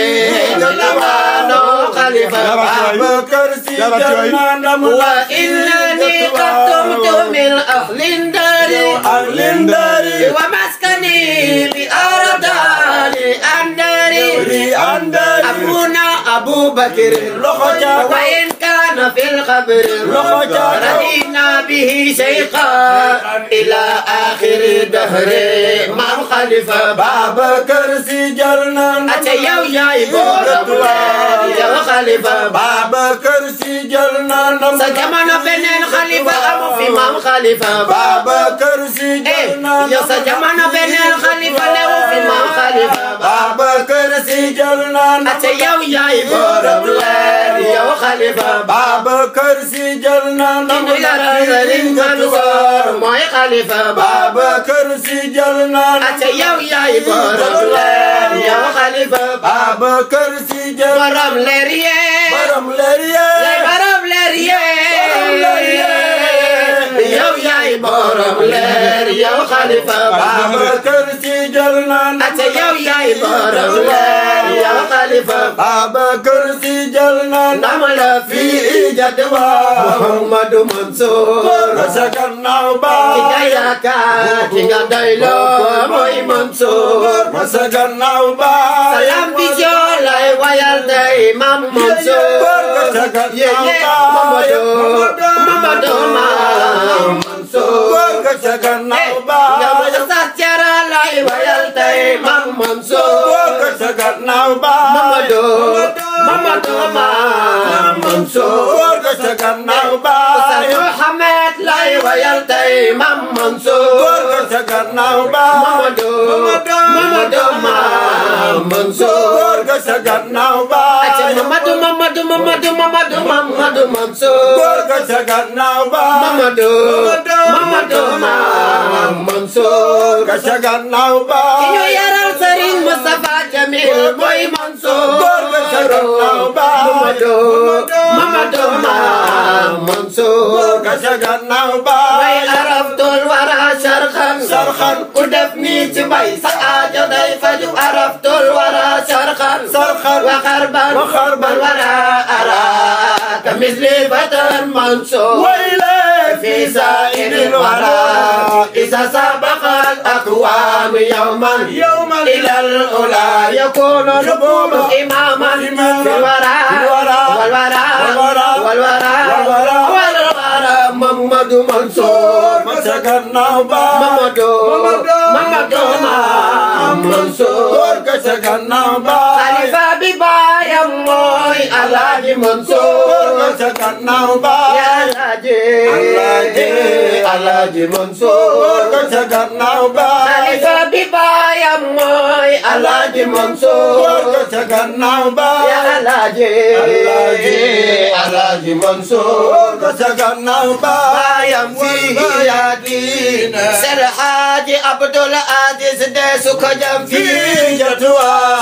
S2: la waanoo Khalifa Babacar Si jël na ndam wa innani qad tumtu min ahlin dari wa maskani bi الحمداني أبونا أبو بكر وإن كان في القبر رضينا به شيخا إلى آخر دهر مام خليفة بابكر سجلنا أتيو يا إبو يا خليفة بابكر سجلنا سجمنا بين الخليفة أبو في مام خليفة بابكر سجلنا يا سجمنا بين الخليفة ma xalifa Babacar Si jël na na te yow yaay borom leer yow xalifa Babacar Si jël na na mu dara sëriñ Mansoor mooy xalifa Babacar Si jël na na te yow yaay borom leer yow xalifa Babacar Si jël borom leer yee borom leer yee borom leer yee yow yaay borom leer yow xalifa Babacar Si jël naan ate yow yaay borom leer yow xalifa Babacar Si jël naan dama la fi jatwa Muhammadu Mansour sa gannaaw ba ki nga yaakaar ki nga doyloo mooy Mansour sa gannaaw ba Salam Vision lay wayal tey maam Mansour yeye Mamadou Mamadou gannaaw Mansour góor ga ca gannaaw baay nga ma ja sax cara tey man Mansour góor ga ca gannaaw baay Mamadou Mamadou ma Mansour góor ga ca gannaaw baay royal tey mam Mansour góor ga ca gannaaw ba Mamadou Mamadou mam Mansour góor ga ca gannaaw ba aca Mamadou Mamadou Mamadou Mamadou Mamadou Mansour góor ga ca gannaaw ba Mamadou Mamadou mam Mansour ga ca gannaaw ba Jamil mooy Mansour góor ba sa gannaaw ba Mamadu Mamadu ma Mansour góor ba sa gannaaw ba way araftul wara sarxan sarxan ku def nii ci bay sa aajo day faju araftul wara sarxan sarxan wa xarban wara ara ka misli fatan Mansour way la سائد الورى إذا سبق الأقوام يوما يوما إلى الأولى يكون نقول إماما في الورى والورى والورى والورى محمد منصور مسكنا محمد محمد منصور كسكنا خليفة ببايا موي الله منصور alaaji alaaji Mansour kon sa gannaaw baay. xalifa bi baayam mooy alaaji Mansour kon sa gannaaw baay. ya alaaji alaaji alaaji Mansour kon sa gannaaw baay. baayam fii yaadiin. Seydi Haaji Abdul Aziz de su ko jam fii jotuwaay.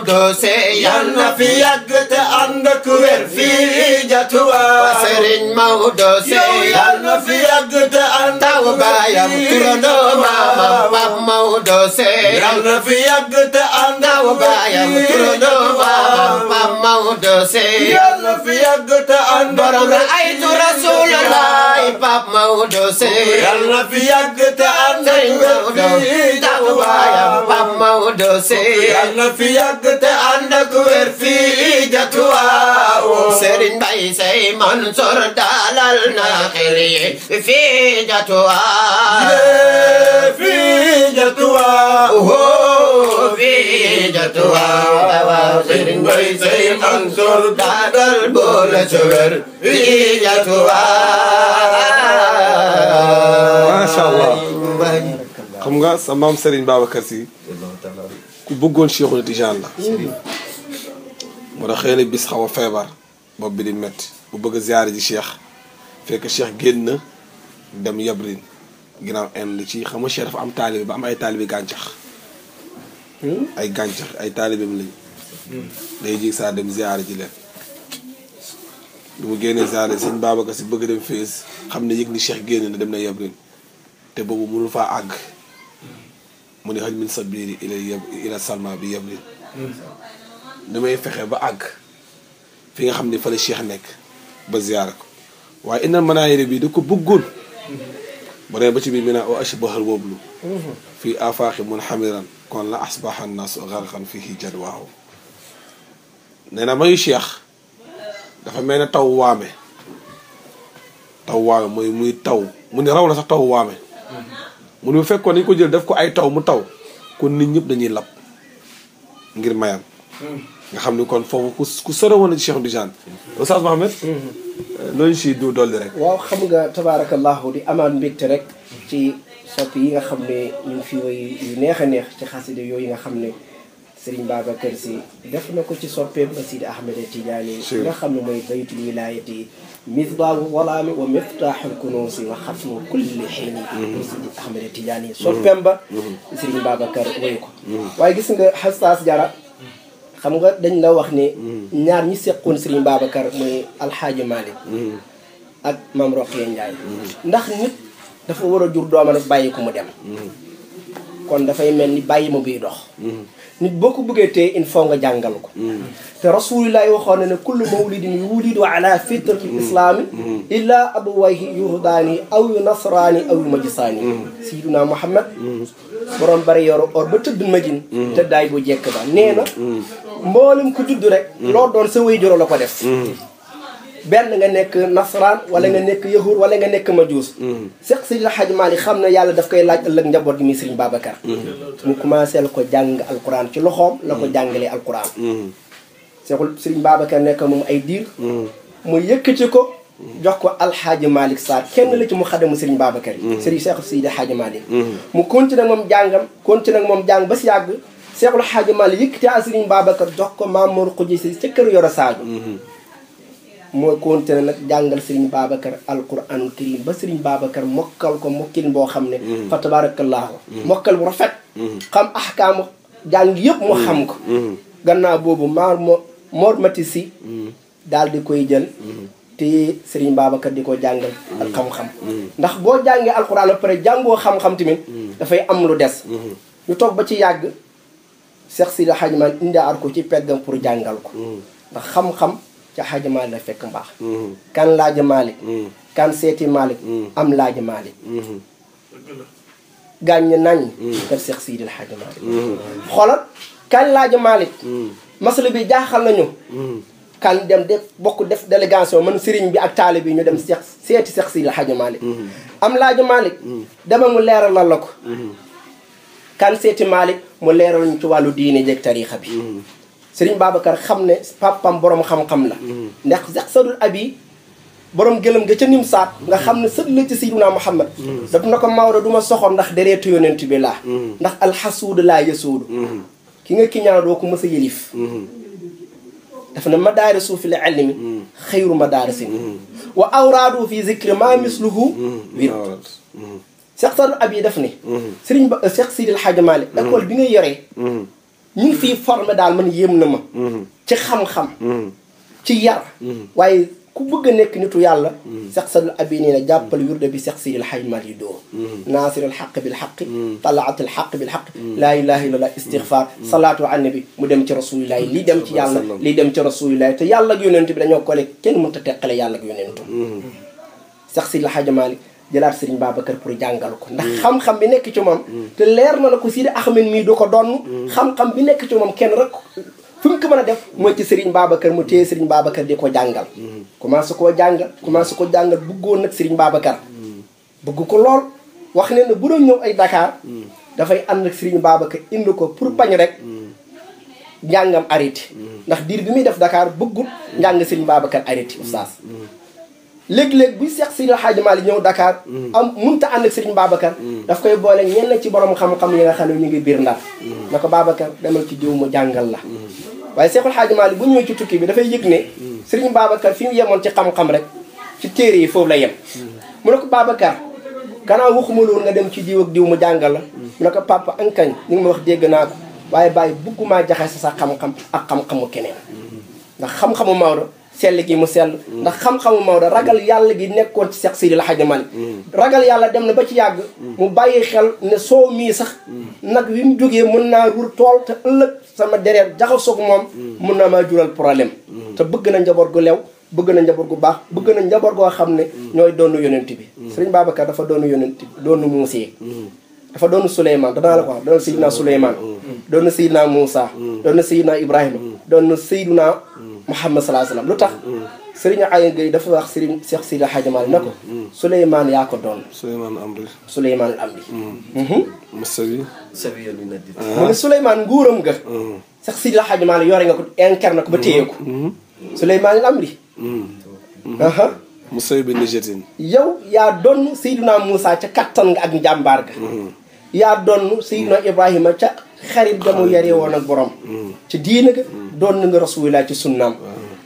S2: Ferdawsi yal na fi yàgg te ànd ak wér fii jatuwaar Sëriñ Ferdawsi yal na fi yàgg te ànd ak wér baayam turandoo maamam Pape Ferdawsi yal na fi yàgg te ànd ak wér baayam turandoo maamam Pape Ferdawsi yal na fi yàgg te ànd ak wér borom la ay tu Rasulallah Pape Maodo Seye yal na fi yàgg te ànd fi yàgg te ànd ak wér fii jatuwaawoo Serigne Baye Seye Mansour dalal na xel yi fii jatuwaawoo fii jatuwaawoo fii jatuwaawoo Serigne Baye Seye Mansour dalal boole ci wér fii
S3: macha xam nga sa maam Serigne Babacar Sy ku bëggoon Cheikhul Tijaan la. moo tax xëy na bis xaw a feebar bopp bi di métti bu bëgg a ziare ji Cheikh fekk Cheikh génn na dem yabrin ginnaaw indi ci xam nga Cheikh dafa am taalibe ba am ay taalibe gàncax. ay gàncax ay taalibeem lañ. day jig saa dem ziare ji leen. bu mu génnee ziare sëñ Babacar Sy bëgg dem fees xam ne yëg ni Cheikh génn na dem na yabrin te boobu mënul faa àgg mu ne xaj min sa ila salma bi yem hmm. lin damay fexe ba àgg fi nga xam ni fa la cheikh nekk ba ziyaara ko waaye innal manaayiri bi da ko bëggoon hmm. bu dee ba ci biir mi naa o ashbahal woblu hmm. fii afaaxi mun xamiran kon la asbaha nnaas garqan fihi jadwaaw nee na mayu cheikh dafa mel ne taw waame taw waame mooy muy taw mu ni raw la sax taw mu ne bu fekkoon dañ ko jël def ko ay taw mu taw kon nit ñëpp dañuy lab ngir mayam hmm. nga xam ni kon foofu ku ku sore woon na ci Cheikh Tidiane hmm. Oustaz Mohamed hmm. loolu si du dolli rek
S1: waaw xam nga tabaarakallaahu di amaan mbégte rek ci sopp yi nga xam ne ñu ngi fi woy yu neex a neex ci xasida yooyu nga xam ne Serigne Babacar Sy def na ko ci soppeem ba Sidi Ahmed Tidiane yi nga xam ne mooy baytul wilaayati misbaahu walaami wa miftaaxul kunuusi wa xatmu kulli xiini mm-hmm. sidi ahmada tijaani yi soppeem ba mm-hmm. sëriñ Babacar woyu ko mm-hmm. waaye gis nga xasaas jara xam nga dañ la wax ni ñaar ñi seqoon sëriñ Babacar muy alxaaji Malick ak Mame Rokhaya Ndiaye ndax nit dafa war a jur doomam bàyyi ko mu dem kon dafay mel ni bàyyi ma buy dox nit boo ko bëggee tee il faut nga jàngal ko mm. te rasulillah waxoon na ne kullu mawlidin yulidu ala fitrati mm. islaami mm. illa abawayhi yuhudaani aw yu nasraani aw yu majisaani sayyiduna muhammad borom bari yoru or ba tëdd majin tëddaay bu jekk ba nee na ku judd rek loo doon sa wéy joro la def benn nga nekk nasaraan wala nga nekk yahuud wala nga nekk majuus mm-hmm. Seex Seydi Hajji Maalik xam na yàlla daf koy laaj ëllëg njaboot gi muy Sëriñ Babacar mm-hmm. mu commencé la ko jàng alquran ci loxoom la ko mm-hmm. jàngalee alquran seexul Sëriñ Babacar nekk moom ay diir mu yëkkati ko jox ko alxaaji Malick Sarr kenn ci mu xadamu Serigne Babacar yi Serigne Cheikh Seydi Xaaji Malick mu continué moom jàngam continué ak moom jàng ba si yàgg Cheikhul Xaaji Malick yëkkati a Serigne Babacar jox ko Mamour Xujji si ca kër Yoro Sadio mooy continuer nag jàngal Serigne Babacar alquranul karim ba Serigne Babacar mokkal ko mokkilin boo xam ne mm-hmm. fa tabarakallahu mm-hmm. mokkal bu rafet mm-hmm. xam ahkaamu jàng yëpp mu xam ko gannaaw boobu maar mo moor mati si daal di koy jël te Serigne Babacar di ko jàngal ak xam-xam ndax boo jàngee alquran ba pare jàngoo xam-xam tamit dafay am lu des ñu toog ba ci yàgg Cheikh Sidi Hadj Man indi ar ko ci peggam pour jàngal ko ndax xam-xam ca xaaji Maalik fekk mbaax mm-hmm. kan laaji male mm-hmm. kan seeti Maalik mm-hmm. am laaji Maalik gàññi nañ kër Seex Siidil Xaaji Maalik xoolal kan laaji Maalik masala bi jaaxal nañu kan dem def bokk def délégation man sëriñ bi ak taali bi ñu dem Seex seeti Seex Siidil Xaaji Maalik am laaj Maalik dama mu leeral la ko kan seeti Maalik mu leeral ñu ci wàllu diine jeeg tariixa bi sëriñ Babacar xam ne papam boroom xam-xam la. Mm-hmm. ndax sax sadul abi borom gëlëm nga ca nim saat nga xam ne sët la ci Seydina Muhammad mm-hmm. daf na ko Maodo du ma ndax dereetu yonent bi mm-hmm. ndax alxasuudu laa yasuudu. ki nga kiñaan doo ko mës a yëlif. daf ne madaari suufi la elmi xayru madaari sin wa awraadu daf ne. sëriñ ba Seex Sidil Xaaji Maalik bi nga yoree. ñi fii formé daal man yéem na ma. Mhm. ci xam-xam. Mhm. ci yar. Mhm. waaye ku bëgg a nekk nitu yàlla. seq sa lu abi nii na jàppal wirde bi seq si il xay mal yi doo. naasir al xaq bil xaq. talaat al xaq bil xaq. laa ilaha illa allah istixfar. salaatu ala nabi mu dem ci rasulillahi lii dem ci yàlla lii dem ci rasulillahi te yàlla ak yonent bi dañoo kole kenn mënut a teqale yàlla ak yonentu. seq si il xaj Maalik jëlaat sëriñ Babacar pour jàngal ko ndax mm. xam-xam bi nekk ci moom mm. te leer na la ko Sidi Ahmed mii du ko donn mm. xam-xam bi nekk ci moom kenn rek fu mu ko mën a def mooy ci sëriñ Babacar mu téye sëriñ Babacar de ko jàngal commencé koo jàngal commencé ko jàngal bëggoon nag sëriñ Babacar bëgg ko lool wax ne ne bu ñëw ay Dakar dafay ànd ak sëriñ Babacar ko pour bañ rek njàngam arrêté ndax diir bi muy def Dakar bëggul njàng sëriñ Babacar arrêté oustaz léeg-léeg buy seex Seydi Hadji Malick ñëw Dakar. Mm. am mënut a ànd ak Serigne Babacar. Mm. daf koy boole ñenn ci borom xam-xam yi nga xam ñu ngi biir Ndar. Mm. na ko Babacar demal ci jiw mu jàngal la. waaye Seexul Hadji Malick ñëwee ci tukki bi dafay yëg ne. Serigne Babacar fi mu yemoon ci xam rek ci téere yi foofu la yem. mu ne ko Babacar kanaa waxuma loolu nga dem ci jiw ak jiw mu jàngal la. mu ne ko papa ankañ ñu ngi ma wax dégg naa ko waaye bàyyi maa jaxase sa xam-xam ak xam-xamu keneen ndax xam-xamu Maodo. sell gi mu sell ndax xam xam Maodo ragal yàlla gi nekkoon ci Seex Sidi El Hadji Malick ragal yàlla dem na ba ci yàgg mu bàyyi xel ne soow mii sax nag wi mu jógee mën naa ruur tool te ëllëg sama dereet jaxasoog moom mën naa maa jural problème te bëgg na njaboot gu lew bëgg na njaboot gu baax bëgg na njaboot goo xam ne ñooy doonu yonent bi Sëriñ Babacar dafa doonu yonent bi doonu Muusaa dafa doonu Souleymane danaa la ko wax doonu Seydina Souleymane doonu Seydina Moussa doonu Seydina Ibrahima doonu Seydina Muhammad salaa salaam lu tax. Mm. Serigne Aye Gueye dafa wax Serigne Cheikh Sidi Hadj Malick ne ko. Mm. Mm. Souleymane yaa ko doon. Souleymane Amri. Souleymane Amri. Moussaoui. Moussaoui yéen ñu mu ne Souleymane nguuram nga. Cheikh Sidi Hadj Malick yore nga ko incarné ko ba téye ko. Souleymane Amri.
S3: Moussaoui bi Nigerien.
S1: yow yaa doon Seydina Moussa ca kattan nga ak njàmbaar ga. Mm-hmm. yaa donn Seydina mm. Ibrahima ca xarit ga mu yaree woon ak borom. Mm. ci diina ga mm. doon na nga rasulillah ci sunnaam.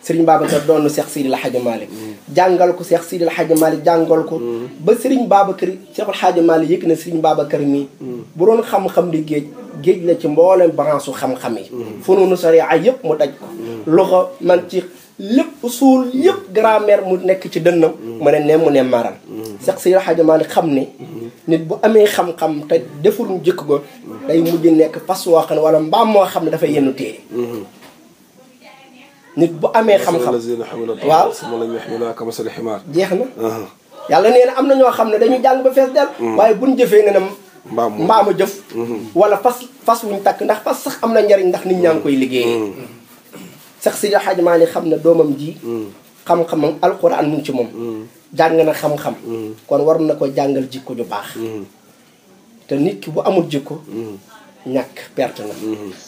S1: Serigne Babacar doon na Cheikh Sidi El Hadj Malick. jàngal ko seex Sidi la Hadj Malick jàngal ko. ba Serigne Babacar kër El Hadj Malick yëg na baaba kër mii. bu doon xam-xam di géej géej la ci mboolem branche su xam-xam yi. fu nu nu sariya yëpp mu daj ko. loxo man lépp suul yëpp grammaire mu nekk ci dënnam ma ne nem mu ne maral sax si raxajamaa ni xam ne nit bu amee xam-xam te deful mu jëkk ko day mujj nekk fas woo xam ne wala mbaam moo xam ne dafa yennu téere nit bu amee xam-xam waaw jeex na yàlla nee na am na ñoo xam ne dañu jàng ba fees del mm. waaye buñ jëfee nga ne na mbaam a jëf mm-hmm. wala fas fas wuñ takk ndax fas sax am na njariñ ndax nit ñaa ngi koy liggéeyee mm. sax Seydi Hadji Malick xam ne doomam ji mm. xam-xamam alquran mu ci moom mm. jàng na xam-xam mm. kon war na ko jàngal jikko ju baax te nit ki bu amul jikko ñàkk perte na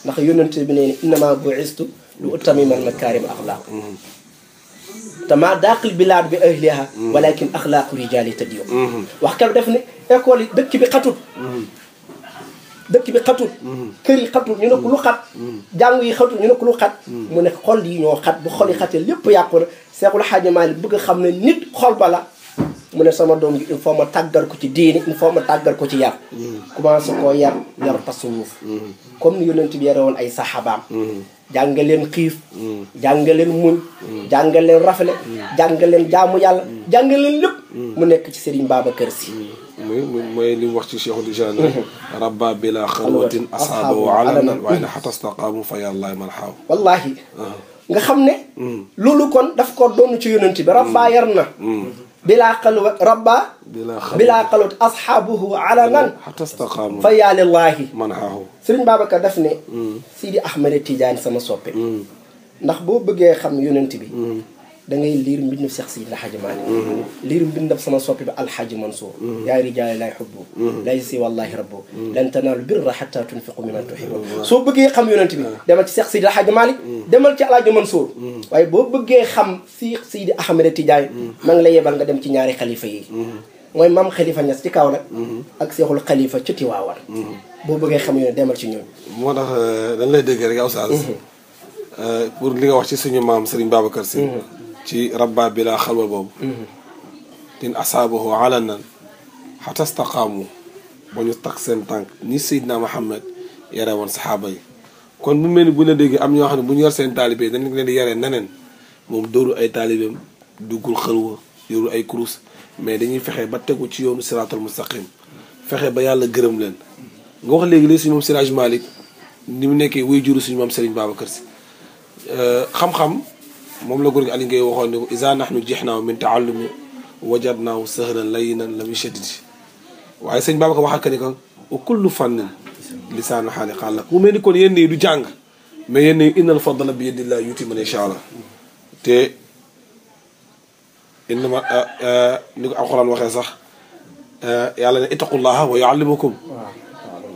S1: ndax yónnante bi nee innama bu'istu lu utammima makaarima axlaaq te maa daaqil bilaad bi ahliha walakin axlaaqu rijaali tadiyu wax ka def ne école yi dëkk bi xatut dëkk bi xatul mhm. kër yi xatul ñu ne ko lu xat mhm. jàng yi xatul ñu ne ko lu xat mhm. mu ne xol yi ñoo xat bu xol yi xatee lépp yàqu na Seexul Xaaji Maalik bëgg a xam ne nit xol ba la mu ne sama doom gi il faut ma tàggal ko ci diini il faut ma tàggal ko ci yar commencé koo yar yar tasawuf comme ni yonent bi yare woon ay saxaabaam jàngal leen xiif mm. jàngal leen muñ mm. jàngal leen rafle mm. jàngal jaamu yàlla jàngal leen lépp mu nekk ci Serigne Babacar
S3: Sy muy mooy li mu wax ci Cheikhul Islam mm-hmm. rabba bila xalwatin asaabu alanan waaye na mm-hmm. xata staqaamu fa yàlla man xaaw wallaahi ah. nga xam ne
S1: loolu kon daf ko doon ci yonent bi rabba yar na bilaa xalwat rabba bilaa xalwat asxaabuhu alanan fa yaa lillaahi sëriñ Babacar daf ne mm. Sidi Ahmed Tidiane sama soppe mm. ndax boo bëggee xam yonent bi mm. da ngay liir mbindum Seex Seydi El Hadji Maalik mhm. liir mbindam sama soppi bi alxaaji Mansour mhm. yaa rijaale lay xubbu mhm. lay si wallaahi rabbu lan tanaalu birra xatta tunfiqu soo bëggee xam yonent bi ah. demal ci Seex Seydi El Hadji Maalik demal ci alxaaji Mansour waaye boo bëggee xam Seex Seydi Ahmed Tidiane maa ngi lay yebal nga dem ci ñaari xalifa yi mooy maam xalifa ñas ci kaw nag ak seexul xalifa ci tiwaawar boo bëggee xam yone demal ci ñoom
S3: moo tax euh, dañ lay dégg rek Oustaz euh, pour li wax ci suñu maam Serigne Babacar Sy ci rabba bi laa xalwa boobu mm-hmm. in asaabahu alanan xata staqaamu ba ñu tag seen tànk ni Seydina Muhammad yare woon saxaaba yi kon mu mel ni bu la déggee am ñoo xam ne bu ñu yor seen taalibé dañ leen di yaree neneen moom dóoru ay taalibeem duggul xëlwa yoru ay kurus mais dañuy fexe ba tegu ci yoonu siraatul mustaqim fexe ba yàlla gërëm leen nga wax léegi léegi suñu moom Siraj ni mu nekkee wuy juru suñu moom Serigne kër Si euh, xam-xam moom la góor gi Aliou Ngaye waxoon ne ko isa nahnu jixnaaw min taallumi wajadnaaw sahran layinan lam yashaddid waaye sëñ Babacar wax ak ko wa kullu fannin lisaana xaali xaal mu mel ni kon yenn yi du jàng mais yenn yi innal fadla bi yadillah yuti man incha allah te innama ah, ah, ni ko alxuraan waxee sax ah, yàlla ne ittaqullaha wa yuallimukum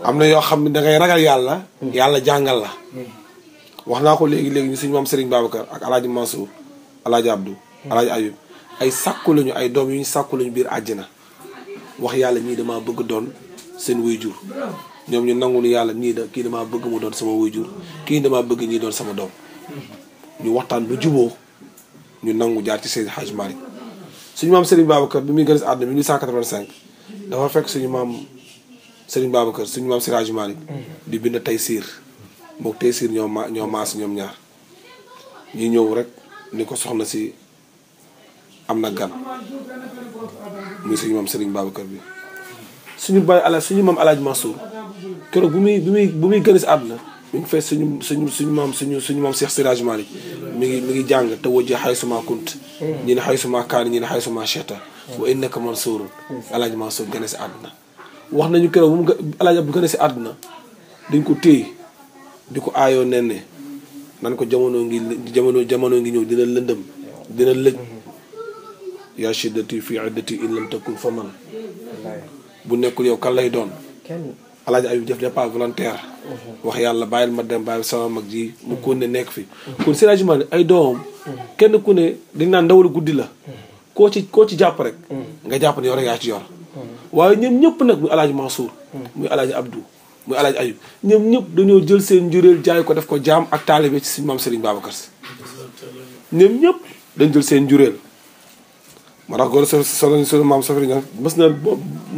S3: am na yoo xam ne da ngay ragal yàlla yàlla jàngal la hmm. wax naa ko léegi léegi ñu suñu maam Serigne Babacar ak El Hadj alaaj El Hadj Abdou. El ay sàkku lañu ay doom yu ñu sàkku lañu biir àjjana wax yàlla ñii damaa bëgg doon seen jur ñoom ñu nangu ni yàlla ñii da kii damaa bëgg mu doon sama wayjur kii damaa bëgg ñii doon sama doom ñu waxtaan bu juboo ñu nangu jaar ci seen Hajj Malik suñu maam Serigne Babacar bi muy gën a àdduna 1885 dafa fekk suñu maam Serigne Babacar suñu maam Serigne Hajj Malik di bind tey siir mook Tayssir ñoo ma ñoo maas ñoom ñaar ñu ñëw rek ni ko soxna si am na gan muy suñu maam Serigne Babacar bi suñu bàyyi ala suñu maam alaaj Mansour keroog bu muy bu muy bu muy gën si àdduna mi ngi fay suñu suñu suñu maam suñu suñu maam Cheikh Siraj Malik mi ngi mi ngi jàng te wajje xay suma kunt ñi ne xay suma kaan ñi ne xay suma cheta wa innaka Mansour alaaj Mansour gën si àdduna wax nañu keroog bu mu alaaj Abdou gën si àdduna dañ ko téye di ko aayoo nen nan ko jamono ngi jamono jamono ngi ñëw dina lëndëm dina lëj mhm. yaa shiddati fi iddati in lam takun fa man bu nekkul yow kan lay doon alaaji Habib def départ volontaire
S4: mhm. wax
S3: yàlla bàyyil ma dem bàyyil sama mhm. nekk fi kon sérieusement kenn ku ne dañ naan ndawal guddi la jàpp rek nga jàpp ne yaa ci yor waaye ñoom ñëpp nag muy alaaji Mansour muy alaaji Abdou muy alaaj ayub ñoom ñëpp dañoo jël seen njuréel jaay ko def ko jaam ak taalibe ci suñu maam Serigne Babacar Si ñoom ñëpp dañ jël seen njuréel moo tax góor so soloñ sunu maam safari mës na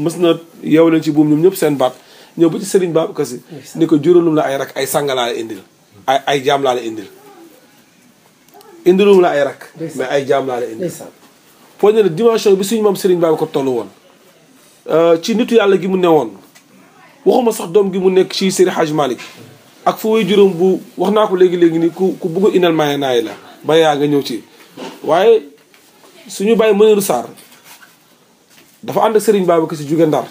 S3: mës na yeew leen ci buum ñëpp seen baat ñëw ba ci Serigne Babacar Si ni ko juróolum la ay rak ay sànga indil ay ay indil indilum la ay rak mais ay jaam laa la indil foo ne dimension bi suñu maam Serigne woon euh, ci nitu yàlla gi mu newoon waxuma sax doom gi mu nekk ci Seydi Hadj Malick ak fa way juróom bu wax naa ko léegi-léegi ni ku ku bugg a inal maaye naay la ba yaa nga ñëw ci waaye suñu bàyyi Muniru Sarr dafa ànd ak Serigne Babacar Sy jóge Ndar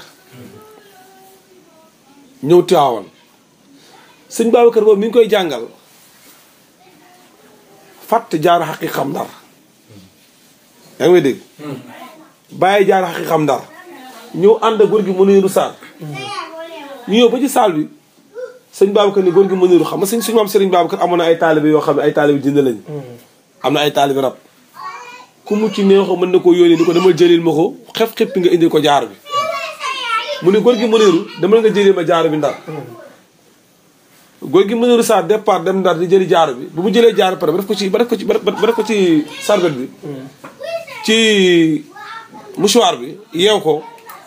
S3: ñëw Tiwaawan sëñ Babacar boobu mi ngi koy jàngal fàtt jaar xaqi xam ndar yaa ngi may dégg hmm. bàyyi jaar xaqi xam ndar ñëw ànd ak góor gi Muniru Sarr hmm. ñu ñëw ba ci saal bi sëñ Babacar ni góor gi mënul xam nga sëñ suñu maam sëriñ Babacar amoon na ay taalibe yoo xam ne ay taalibe dina lañu. Hmm. am na ay taalibe rab. ku mucc neexoo mën na koo yónnee ni ko demal jëlil ma ko xef xeppi nga indi ko jaar bi
S4: mu ne góor gi mëneeru
S3: demal nga jëlil ma jaar bi ndar. Hmm. góor gi mëneeru saa départ dem ndar di jëli jaar bi bu mu jëlee jaar pare ba def ko ci ba def ko ci ba ko ci sarbet bi. Hmm. ci mouchoir bi yeew ko.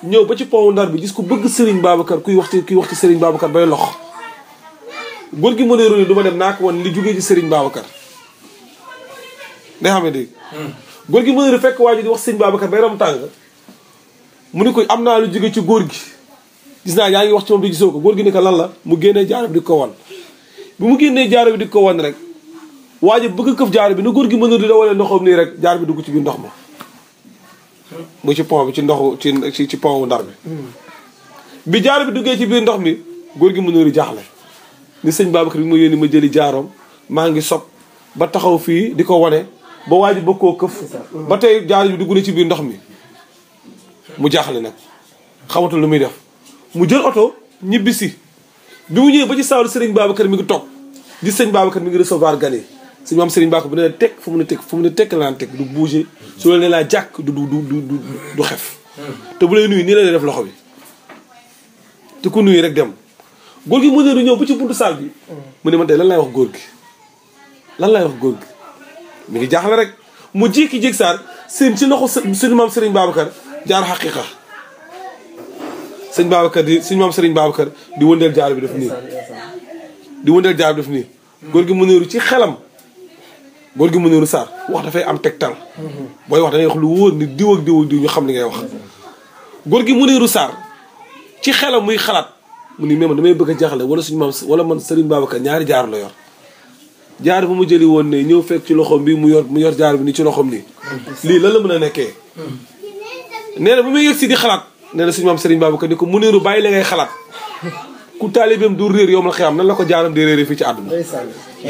S3: ñëw ba ci pont Ndar bi gis ku bëgg sëriñ Babacar kuy wax ci kuy wax ci Serigne Babacar bay lox góor gi mëneeru ni du ma dem naa ko woon li jóge ci Serigne Babacar day xam ne dégg hmm. góor gi mëneeru fekk waa ji di wax Serigne Babacar bay ram tàng mu ni koy am naa lu jóge ci góor gi gis naa yaa ngi wax ci moom di gisoo ko góor gi ni lan la mu génnee jaaro bi di ko wan bi mu génnee jaaro bi di ko wan rek waa ji bëgg këf jaaro bi na góor gi mëneeru di da walee ndoxam nii rek jaaro bi dugg ci biir ndox ma mu ci pon bi ci ndoxu ci ci pon wu ndar bi bi jaaro bi duggee ci biir ndox mi góor gi mënóori jaaxle ni sëñ Babacar bi ma yónni ma jëli jaaroom maa ngi sob ba taxaw fii di ko wane ba waaju ba koo këf tey jaaro bi dugg ci biir ndox mi mu jaaxle nag xamatul muy def mu jël oto ñibbisi bi mu ñëwee ba ci saalu sëriñ Babacar mi ngi toog di sëñ Babacar mi ngi recevoir gani suñu maam Serigne Bakko bu ne teg fu mu teg fu mu ne tekk laan teg du bouger su la laa jàkk du du hmm. te bu lay nuyu nii la def loxo bi te rek dem góor gi mu ñëw ba ci buntu saal bi hmm. mu man lan lay wax góor gi lan lay wax ngi jaaxle rek mu jékki jékki saar seen si loxo suñu maam Serigne Babacar jaar xaqiqa sëñ Babacar di suñu maam Serigne Babacar di wëndeel jaar bi def nii di wëndeel jaar bi def nii góor gi mu neeru ci xelam góor gi Mounirou Sarr wax dafay am tegtal. booy wax da ngay wax lu wóor ni diw ak diw ak diw ñu xam li ngay wax. góor gi mu Mounirou Sarr ci xelam muy xalaat mu ni même damay bëgg a jaaxle wala suñu maam wala man Serigne Babacar ñaari jaar la yor. jaar bu mu jëli woon ne ñëw fekk ci loxoom bi mu yor mu yor jaar bi ni ci loxoom nii. lii lan la mën a nekkee. nee na bu muy si di xalaat nee na suñu maam Serigne Babacar ni ko Mounirou bàyyi la ngay xalaat. ku taalibeem du réer yowmal xiyaam nan ko jaaram di réeré fii ci àdduna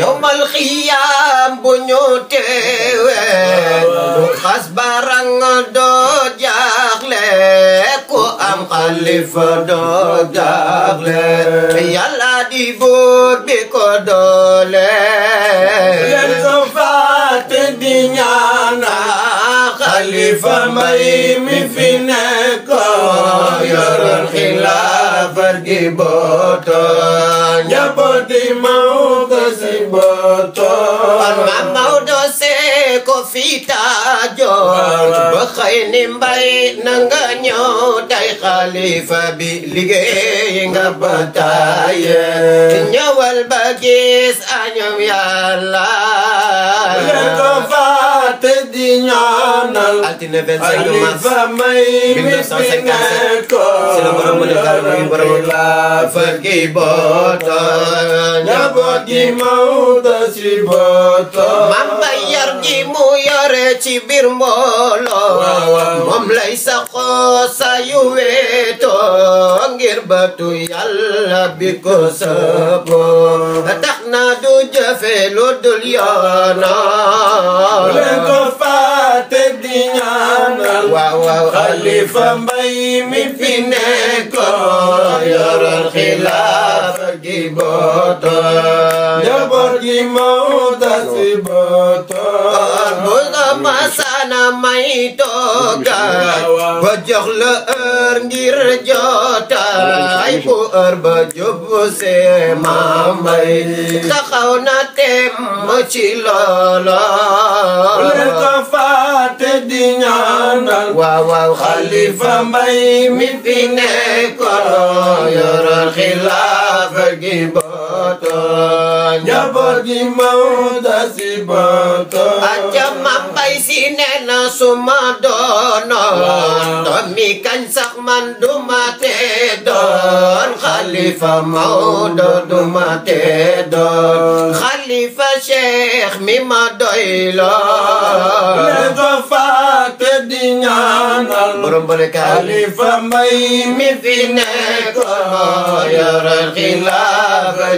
S2: yowmal xiyaam bu ñu teewee bu xas barang doo jaaxle ku am xalifa doo jaaxle yàlla di buur bi ko doole leen ko faat di ñaana
S3: xalifa may mi fi
S2: nekk yoroon xilaam kër gi boto njabooti Maodo ma Maodo ko fiita joot ba ni mbay nanga ñëw tay xalifa bi liggéey ba taaye ñëwal ba gis añam yàlla te di ñaanal. altine 25 mars 1957 si la borom bu nekk àll bi borom xilaafa gi bootoon. njaboot gi Maodo si bootoon. Mame Bayar ji mu yore ci biir mbooloo moom lay saxoo saa yu weetoo ngir batu yàlla bi ko sëboo tax na du jëfe lu dul yoona leen ko faate di ñaanal waaw waaw xalifa mbay mi fi nekkoon yoroon xilaafa gi booto njaboot gi mawta si bu nga masaana may tooga ba la heure ngir jootaay bu heure ba jub see ma may taxaw na tem ci loola di ñaanal waaw waaw xalifa mbay mi fi nekkoon yoroon xilaafa gi bootoon njaboot gi Maodo si bootoon aja ma mbay si ne na suma doonoon doomi kañ sax man duma te doon xalifa Maodo duma te doon xalifa Cheikh mi ma doy loon ñaanal borom bale kaay mbay mi fi nekk yore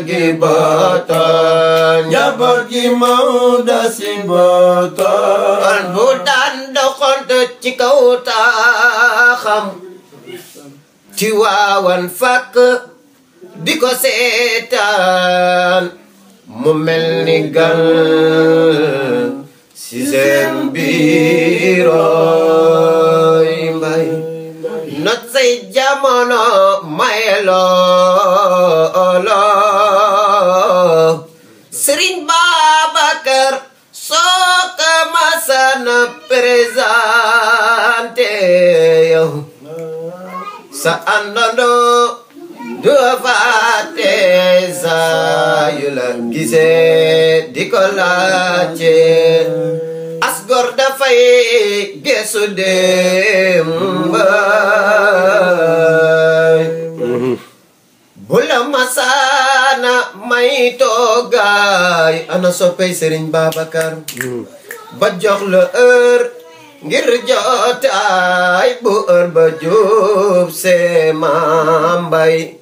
S2: gi bootoon njaboot gi Maodo si bootoon kon bu daan doxante ci kaw taaxam ci waawan fàkk di ko seetaan mu mel ni gan si seen biirooy mbay not say jamono maye loolo Sëriñ Babacar soo ko masana présenté yow sa andando du fa tey yu la gisee di ko laajte as gor dafay gesu demba bu la masaana may toogaay ana soppey Serigne Babacar ba jox la heure ngir jotaay bu heure ba jub see maam bay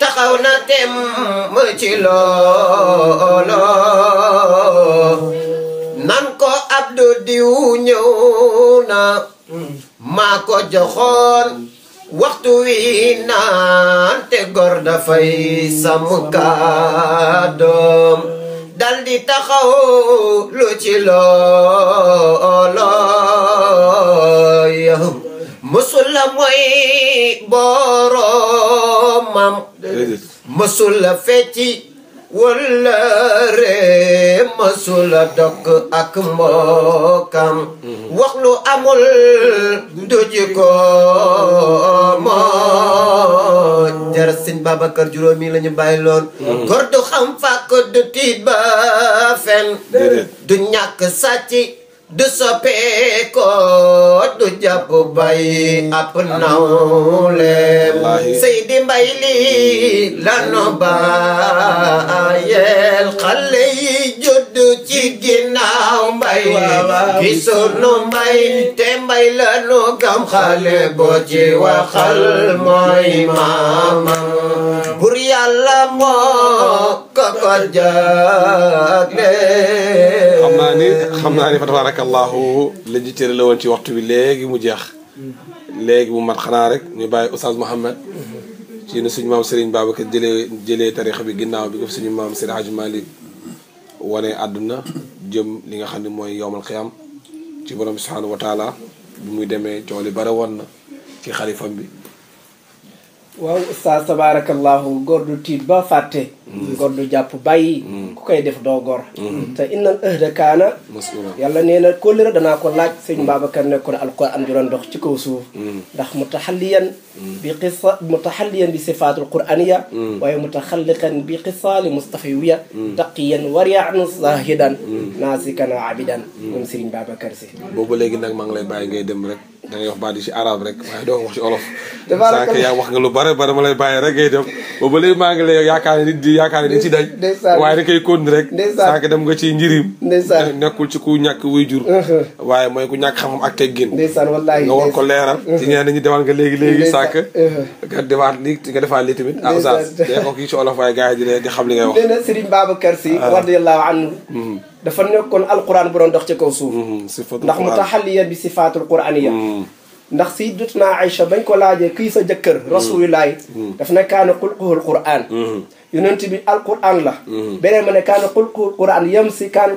S2: taxaw na tem ci loolo nan ko abdu diw ñëw na maa ko joxoon waxtu wi naan te gor dafay sàmm kàddoom dal di taxaw lu ci loolo mësul la mooy boromam mësul la fecci walla ree mësul la dokk ak mm-hmm. lu amul du jikko moo jar sëñ Babacar juróomi la ñu bàyyi loon mm-hmm. góor du xam fàkk du tiit fen du ñàkk sàcci du soppeekoo du jàpp bay ab nawleem Seydi Mbay lii lanu baayel xale yi jot ci ginnaaw mbay a sunu mbay te mbay la nu gam xam naa
S3: ni xam naa ni la woon ci waxtu bi léegi mu jeex léegi mu mat xanaa rek ñu bàyyi Oustaz Mouhamed ci ne suñu maam Serigne Babacar jëlee jëlee tarixa bi ginnaaw bi ko suñu maam Serigne Hadj Malick waree àdduna jëm li nga xam ne mooy yowmal xiyam ci borom bi subhaanahu wa taala bi muy demee coow li bare woon na ci xalifam bi
S1: waaw ustaas tabaarakallaahu góor du tiit ba fàtte Mm. ngor du jàpp bàyyi mm. ku koy def doo gor mm-hmm. te innal ëhda kaana yàlla nee na kóllëre danaa ko laaj sëñ mm. Babacar ne ko ne alquran ju doon dox ci kaw suuf ndax mutaxalliyan bi qissa mutaxalliyan bi sifaatul quraniya waaye mutaxalliqan bi qisaali mustafawiya taqiyan wariyan zahidan naasikan abidan moom sëriñ Babacar
S3: si boobu léegi nag maa ngi lay bàyyi dem rek da ngay wax baat yi ci arab rek waaye doo wax ci olof sànq yaa wax nga lu bare bare ma lay bàyyi rek ngay dem boobu léegi maa ngi lay yaakaar nit ngi di ci dañ waaye da koy kóon rek saaka dem nga ci njirim nekkul ci ku ñàkk wuy jur uh-huh. waaye mooy ku ñàkk xam-xam ak teggin nga war ko leeral uh-huh. ci ñeneen ñi demal nga léegi léegi saaka uh-huh. nga defaat lii nga defaat lii tamit ah oustaz dee ko kii ci olof waaye gars yi di leen di xam li ngay wax nee na
S1: Serigne Babacar Sy ah. radiyallahu anhu mm-hmm. dafa nekkoon alquran bu doon dox ci kaw suuf mm-hmm. ndax mu taxaliya bi sifaatul quraniya mm-hmm. ndax sayyidatuna Aïcha bañ ko laajee kii sa jëkkër rasulilaay daf ne kaana xulquhul quran yonent bi alquran la mhm. beneen ma ne kaana xulqul quran yem si kaan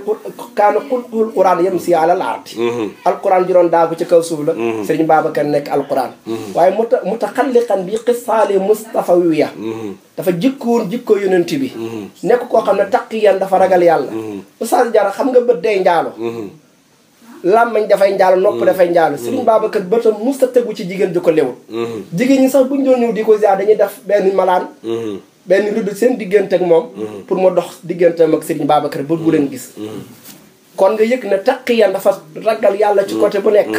S1: kaana xulqul quran yem si àlal aati mhm. alquran juróon daagu ci kaw suuf la mhm. sëriñ Babacar nekk alquran waaye muta mutaxalliqan bi xisaali mustafawiya dafa jikkoon jikkoo yonent bi nekk koo xam ne taqiyan dafa ragal yàlla oustaz Diarra xam nga bët day njaalo làmmañ dafay njaalo nopp dafay njaalo sëriñ Babacar bëtam musta tegu ci jigéen ju ko lewul jigéen ñi sax buñ doon ñëw di ko ziar dañuy benn malaan benn rëdd seen diggante ak moom. Mhm. pour ma dox digganteem ak Serigne Babacar ba bu leen gis. Mhm. kon nga yëg ne taqiyan dafa ragal yàlla ci mhm. côté bu nekk.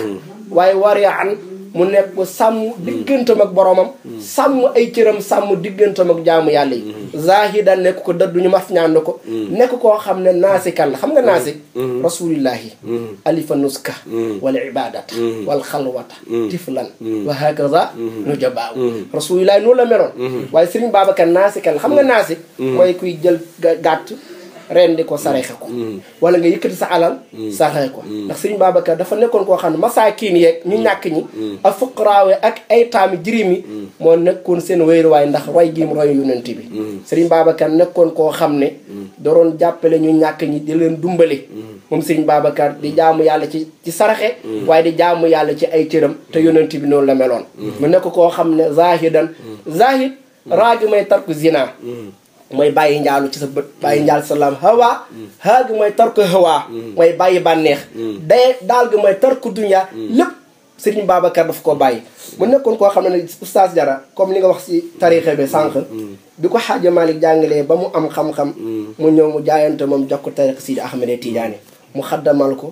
S1: waaye wariyaan. mu nekk ko sàmm diggantam ak boromam sàmm ay cëram sàmm diggantam ak jaamu yàlla yi zahidan nekk ko dadduñu maf ñaandu ko nekk koo xam ne naasikan la xam nga naasik rasulillahi alifa nuska wal ibadata wal xalwata tiflan wa hakaza nu jabaaw rasulillahi noonu la meloon waaye sëriñ Babacar naasikan la xam nga naasik mm. mooy kuy jël gàtt rendi ko saraxe ko mm. wala nga yëkkati sa alal mm. saraxe ko mm. ndax sëriñ Babacar dafa nekkoon koo xam ne masaakiin yeeg ñu ñàkk ñi ak fuqaraawe ak ay taami jirim yi moo nekkoon seen wéeruwaay ndax roy gi mu roy yonent bi sëriñ Babacar nekkoon koo xam ne doroon jàppale ñu ñàkk ñi di leen dumbale moom sëriñ Babacar di jaamu yàlla ci ci saraxe waaye di jaamu yàlla ci ay cëram te yonent bi noonu la meloon mu nekk koo xam ne zahidan zahid raagi may tarku zina mooy bàyyi njaalu ci sa bët bàyyi njaal salaam hawa haa gi mooy tarku hawa mooy bàyyi bànneex day daal gi mooy tarku dunya lépp sëriñ Babacar daf ko bàyyi mu nekkoon ko xam ne ne oustaz Diarra comme li nga wax si tarixe bi sànq bi ko xaaja Malick jàngalee ba mu am xam-xam mu ñëw mu jaayante moom jox ko tariq Sidi Ahmed Tidiane mu xaddamal ko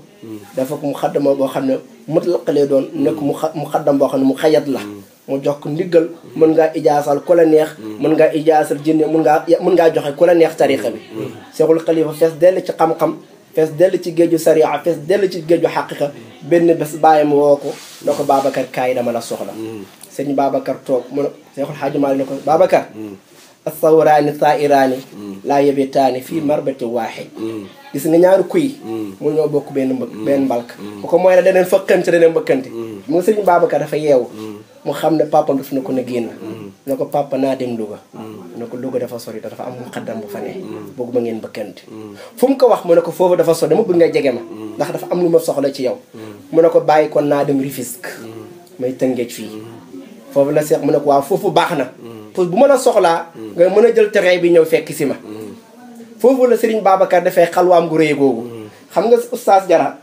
S1: dafa ko mu xaddama boo xam ne mutlaq lay doon nekk mu mu xaddam boo xam ne mu xayat la moo jox ko ndiggal mën ngaa ijaasal ku neex mën ngaa ijaasal jinne mën nga mën ngaa joxe ku la neex tarixa bi seexul xalifa fees dell ci xam-xam fees dell ci géeju sariya fees dell ci géeju xaqiqa benn bés bàyyam woo ko na ko Babacar kaay dama la soxla sëñ Babacar toog mu a seexul xaaji maali ne ko Babacar asawraani sairaani laa yebetaani fii marbati waaxid gis nga ñaari kuy mu ñoo bokk benn benn mbalk ko mooy ne daneen fëkkante daneen mbëkkante mu nga sëñ Babacar dafa yeewu mu xam ne papa daf na ko na génn mm. na ko papa naa dem Louga mm. na ko Louga dafa sori te dafa am muqaddam bu fa ne mm. bëgguma ngeen bëkkante fu mu ko wax mu ne ko foofu dafa sori dama bëgg nga jege ndax dafa am lu ma soxla ci yow mu ne ko bàyyi kon naa dem Rufisque may tëngeej fii foofu la seex mu ne ko waaw foofu baax na pour bu mën a soxlaa nga mën a jël terrain bi ñëw fekk si ma foofu la Serigne Babacar dafay xalwaam gu rëy googu xam nga oustaz Jara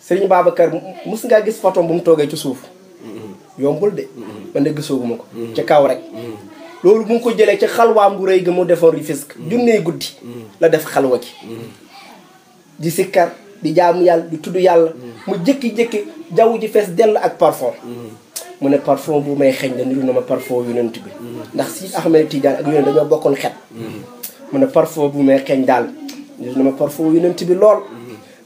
S1: Serigne Babacar mos ngaa gis photo bu mu toogee ci suuf yombul de. Mm-hmm. man de ma ko. Mm-hmm. ca kaw rek.
S4: Mm-hmm.
S1: loolu bu nga ko jëlee ci xalwaam bu rëy ga mu defoon Rufisque. junnee guddi. la def xalwa ci di sikkar di jaam yàlla di tudd yàlla. mu jékki-jékki jaww ji fees dell ak parfum. mu ne parfum bu may xeeñ la niru na ma parfum yonent bi. ndax si Ahmed Tidiane ak yonent dañoo xet. mu ne parfum bu may xeeñ daal niru na ma parfum yonent bi lool.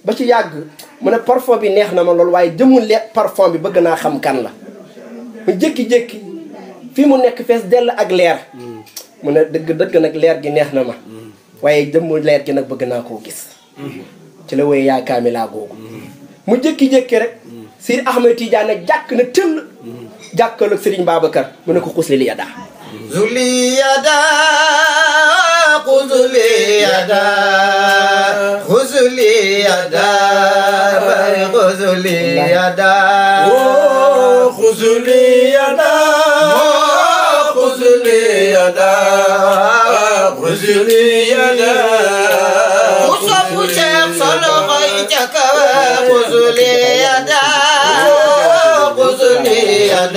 S1: ba ci yàgg mu ne parfum bi neex na ma lool waaye jëmul le parfum bi bëgg naa xam kan la. mu jëkki jékki fii mu nekk fees dell ak leer mu ne dëgg dëgg nag leer gi neex na ma waaye jëmm leer gi nag bëgg naa koo gis ci la woy yaa kaamilaa googu mu jékki-jékki rek si Ahmed Tidiane jàkk na tëll jàkkaarloog Serigne Babacar mu ne ko xusli li yaddaa
S2: زلي يدا خذلي يدا خذلي يدا خذلي يدا خذلي يدا خذلي يدا خذلي يدا وصف شيخ صلى الله عليه وسلم خذلي يدا زلية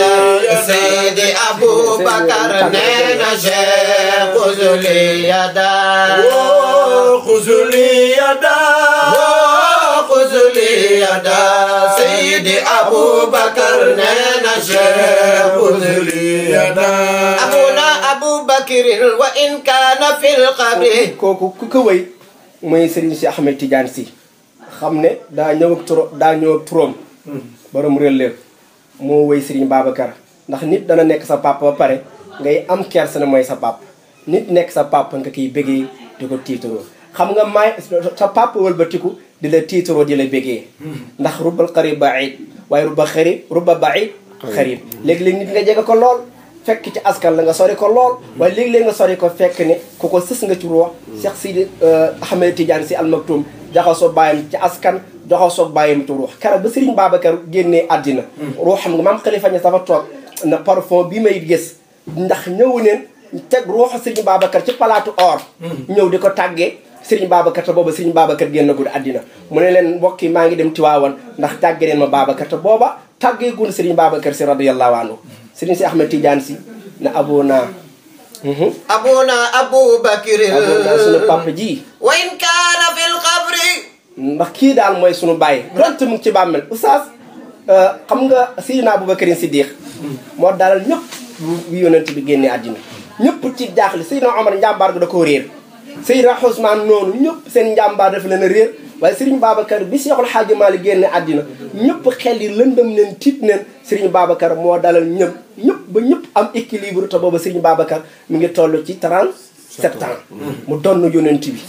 S2: سيد أبو بكر نينا شيخ زلية خزلية خزلية سيد أبو بكر نينا شيخ
S1: زلية
S2: أبونا أبو بكر وإن كان في القبر
S1: كوكو كوكوي mooy Serigne si Ahmed Tidiane si xam ne daa ñëw ak turo daa ñëw ak turam borom réel lépp moo wéy Serigne Babacar ndax nit dana nekk sa papa ba pare ngay am kersa ne mooy sa papa nit nekk sa papa nga kiy bëggee di ko tiitaroo xam nga maay sa papa wëlbatiku di la tiitaroo di la bëggee ndax rubal xarib baid waaye ruba xarib ruba baid xarib léegi-léegi nit nga jege ko lool fekk ci askan la nga sori ko lool waaye léegi-léegi nga sori ko fekk ne ku ko sës nga ci ruux Cheikh Sidi euh, Ahmed Tidiane si Al Maktoum jaxasoo bàyyam ci askan jaxasoo bàyyam ci ruux keroog ba Serigne Babacar génnee àddina hmm. ruuxam nga maam Khalifa Niass dafa toog na parfum bi may gis ndax ñëw neen teg ruuxu Serigne Babacar ci palaatu or hmm. ñëw di ko tàggee Serigne Babacar te booba Serigne Babacar génnagul àddina mu ne leen mbokk yi maa ngi dem Tiwaawan ndax tàggee leen ma Babacar te booba tàggee gun Serigne Babacar si radiyallahu anhu Serigne si Ahmed Tidiane si na aboona hmm. aboona Abou Bakir aboona sunu papa ji
S2: wayn ka
S1: ndax kii daal mooy sunu bàyyi donte mu ngi ci bàmmel oustaz euh, xam nga Seydina Aboubacar Siddiq moo dalal ñëpp bi yonent bi génnee àddina ñëpp ci jaaxle Seydina Omar njàmbaar gu da koo réer Seydina Ousmane noonu ñëpp seen njàmbaar daf leen a réer waaye Serigne Babacar bi Seexul Xaaji Maalik génne àddina ñëpp xel yi lëndëm neen tiit neen Serigne Babacar moo dalal ñëpp ñëpp ba ñëpp am équilibre te booba Serigne Babacar mu ngi toll ci 30 sept ans mu donn yonent bi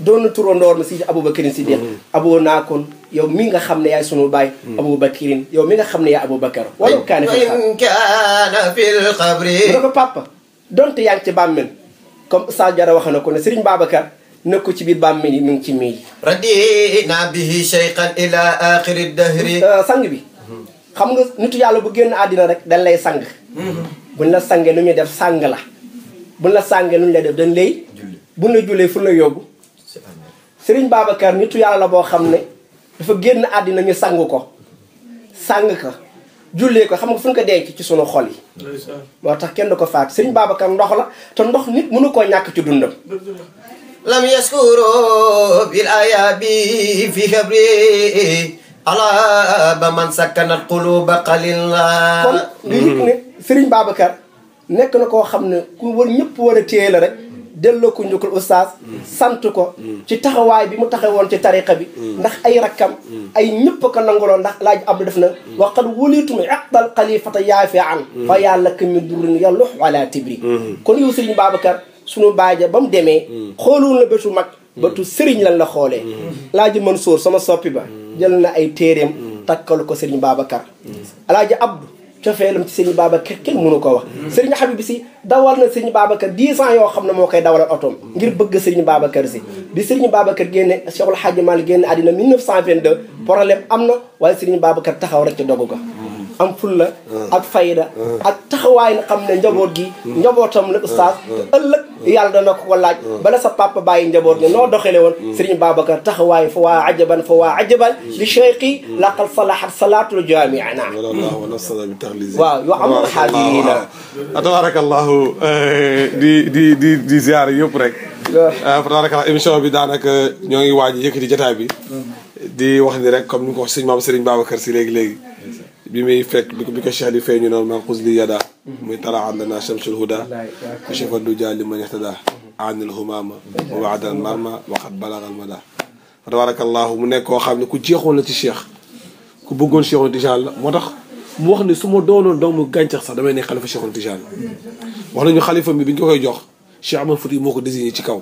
S1: doon turandoor mi si aboubacrine si dee mm-hmm. aboo naakon yow mi nga xam ne yaay sunu baay mm-hmm. aboubacrine yow mi nga xam ne yaay aboubacar mm-hmm. walaw
S2: kaana
S1: fil xabri mu ne ko papa donte yaa ngi ci bàmmeel comme sa jara wax na ko ne Serigne Babacar nekku ci biir bàmmeel yi mu ngi ci mii radina bihi cheikhan ila axiri euh, sang nga yàlla bu génn àddina rek dañ lay sang buñ la sangee lu ñuy def sang la bu la sàngee lu ñu lay def dañ lay. buñ la jullee fu la yóbbu. sëriñ Babacar nitu yàlla boo xam ne dafa génn àddina ñu sang ko sang ko jullee ko xam nga fu ñu ko denc ci suñu xol yi. moo tax kenn du ko faat Serigne Babacar ndox la te ndox nit mënu koo ñàkk ci dundam. lam yaskuro bil ayabi fi xabri
S2: ala man sakkanat quluba qalil la kon li nit ne
S1: Serigne Babacar. nekk na koo xam ne ku war ñëpp war a téye la rek delloo ko njukkal oustaz sant ko ci taxawaay bi mu taxawoon ci tariqa bi ndax ay rakkam ay ñëpp ko nangaloon ndax laaj abdu def na waqad wulitum iqdal xalifata yaafi an fa yàlla ka min durin yalux wala tibri kon yow sëriñ Babacar sunu baaja ba mu demee xoolul na bétu mag bétu sëriñ lan la xoolee laaji Mansour sama soppi ba jël na ay téeréem takkal ko sëriñ Babacar alaaji abdu cofeelam ci sëñ Babacar kenn mënu ko wax sëriñ Habib si dawal na sëriñ Babacar dix ans yoo xam ne moo koy dawalal otoom ngir bëgg sëriñ Babacar si bi sëriñ Babacar génne Cheikhul Hadji Malick génne àddina 1922 problème am na waaye sëriñ Babacar taxaw rek ca dogu ko am fulla ak fayda ak taxawaay na xam ne njaboot gi njabootam la ustaas te ëllëg yàlla dana ko ko laaj bala sa papa bàyyi njaboot gi noo doxele woon sëriñ Babacar taxawaay fa waa ajaban fa waa ajaban li cheikhi laqal salahat salaatul jaamiana
S3: waaw yoo amul xaadirina tabarakallahu eh, di di di di ziar yëpp rek eh, tabarakallah émission bi daanaka ñoo ngi waaj yëkkati jotaay bi mm. di wax ni rek comme ni ko wax sëñ maam sëriñ Babacar si léegi-léegi bi may fekk bi ko bi ko cheikh di feeñu noonu li yada muy tara an lana shamsul huda kashafa duja li man ihtada anil humama wa waadal marma waxat balagal mada fa tabarakallahu mu nekk koo xam ne ku jeexoon la ci cheikh ku bëggoon cheikhul tijaan la moo tax mu wax ne su ma doonoon doomu gàncax sax damay ne xalifa cheikhul tijaan wax nañu xalifa bi bi ñu ko koy jox cheikh Amar Fouti moo ko désigné ci kaw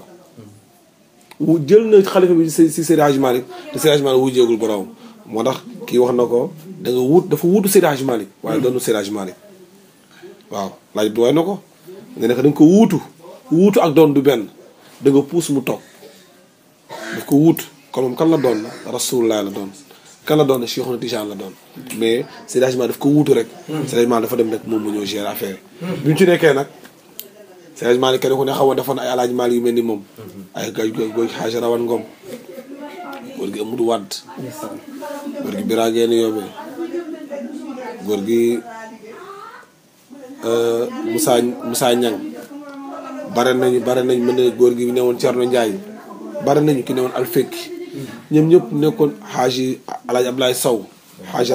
S3: jël na xalifa bi si moo tax kii wax na ko danga nga wut dafa wutu Seydi Hadji Malick waaye doonu Seydi Hadji Malick waaw laaj bi waay na ko nga ko da nga wuutu wuutu ak doon du benn da nga puus mu toog daf ko wuut kon moom kan la doon rasulullah la doon kan la doon Cheikhuna Tijaan la doon mais Seydi Hadji Malick daf ko wuutu rek Seydi Hadji Malick dafa dem rek moom mu ñëw gérer affaire bi mu ci nekkee nag Seydi Hadji Malick kenn ku ne xaw a defoon ay alaaji Malick yu mel ni moom ay gay goy góor gi Amadou Wade góor gi Birageen Yoobe góor gi euh, Moussa Moussa Niang bare nañu bare nañ mën ne góor gi ne woon Thierno Ndiaye bare nañu ki ne woon Alfekki ñoom ñëpp nekkoon xaaji Alaaji Ablaye Sow xaaji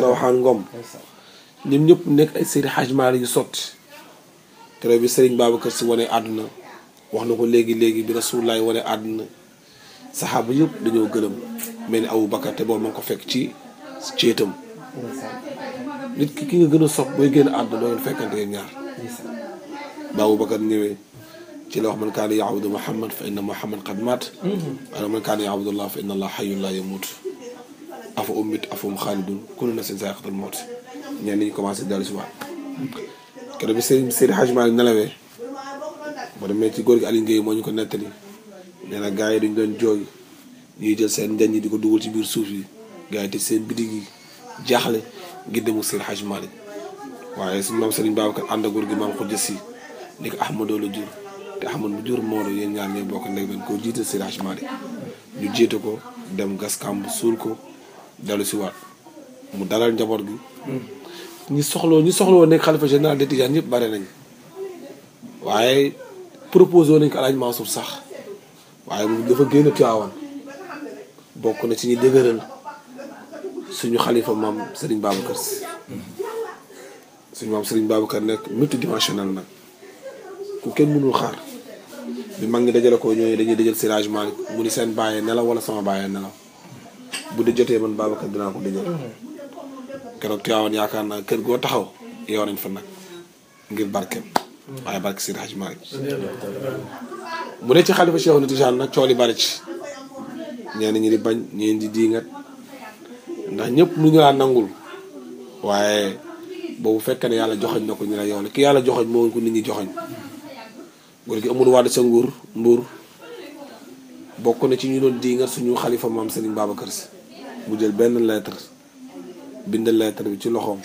S3: ñëpp nekk ay sëriñ xaaj Maalik yu sotti keroog bi sëriñ Babacar si wane àdduna wax na ko léegi léegi bi Rasulullaay wane àdduna saxaaba yëpp dañoo gërëm mel ni Abu Bakar te boobu ma ngi ko fekk ci céetam nit ki ki nga gën a sopp booy génn àdduna doo ngeen fekkante ngeen ñaar ba Abu Bakar ñëwee ci la wax man kaana yaabudu Muhammad fa inna Muhammad qad maat wala man kaana yaabudullah fa inna allah xayun laa yamut afa ummit afum xaalidun kullu nafsin zaa'iqatul mawt ñenn ñi commencé dellu si waat keroog bi Seydi Seydi Hadj Malick nelawee ba demee ci góor gi Aliou Guèye moo ñu ko nettali nee na yi duñ doon jooy ñuy jël seen njañ yi di ko dugal ci biir suuf yi gars yi te seen bidig yi jaaxle ngir demu seen Hajj Malick waaye suñu maam Serigne Babacar ànd ak góor gi maam Khoudia Sy ni ko Ahmadou te Ahmad bu jur Maodo yéen ñaar bokk ndeg koo jiital seen Hajj ko dem gas bu suul ko dalu si waat mu dalal njaboot gi ñu hmm. soxloo ñi soxloo nekk xalifa général des Tidianes ñëpp bare nañ waaye proposé nañ ko Alaaji Mansour sax waaye moom dafa génn Tiwaawan bokk na ci ñi dëgëral suñu xalifa maam Serigne Babacar si suñu maam Serigne Babacar nekk multidimensionnel nag ku kenn mënul xaar bi mag ngi dajale ko ñooñu dañuy dajal sirage yi mu ni seen bàyyee nelaw wala sama bàyyee nelaw bu di jotee man Babacar dinaa ko dajal keroog Tiwaawan yaakaar naa kër goo taxaw yow nañ fa nag ngir barkeem waaye barke sirage Malick mu ne ci xalifa Cheikh Tijaan nag coow li bari ci ñenn ñi di bañ ñeen di diingat ndax ñëpp mu ñu laa nangul waaye boobu fekkee ne yàlla joxoñ na ko ñu la yow la ki yàlla joxoñ moo ko nit ñi joxoñ ki gi amul wàdd sa nguur mbuur bokk na ci ñu doon diingat suñu xalifa maam Serigne Babacar Sy mu jël benn lettre bind lettre bi ci loxoom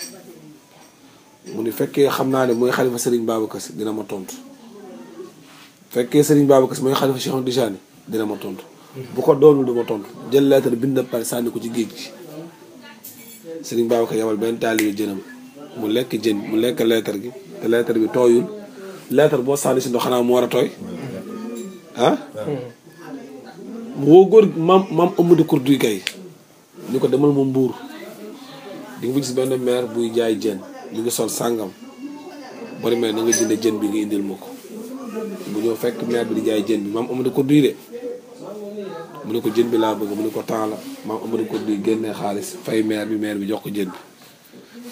S3: mu ni fekkee xam naa ne mooy xalifa Serigne Babacar Sy dina ma tontu fekkee sëriñ Babacar mooy xalifa Cheikh Tidiane dina ma tontu. bu ko doonul du ma tontu jël lettre bind pare sànni ko ci géej gi sëriñ Babacar yabal benn taalibe jënam mu lekk jën mu lekk lettre gi te lettre bi tooyul lettre boo sànni si ndox xanaa mu war a tooy ah.
S4: Hmm.
S3: woo góor maam maam Amadou Kourdi Gaye ni ko demal ma mbuur di nga fa gis benn maire buy jaay jën mu ngi sol sàngam bari mel na nga jënd jën bi nga indil ma mu ñëw fekk meer bi di jaay jën bi maam Amadou Kourdi de mu ne ko jën bi laa bëgg mu ne ko temps la maam Amadou Kourdi génne xaalis fay maire bi maire bi jox ko jën bi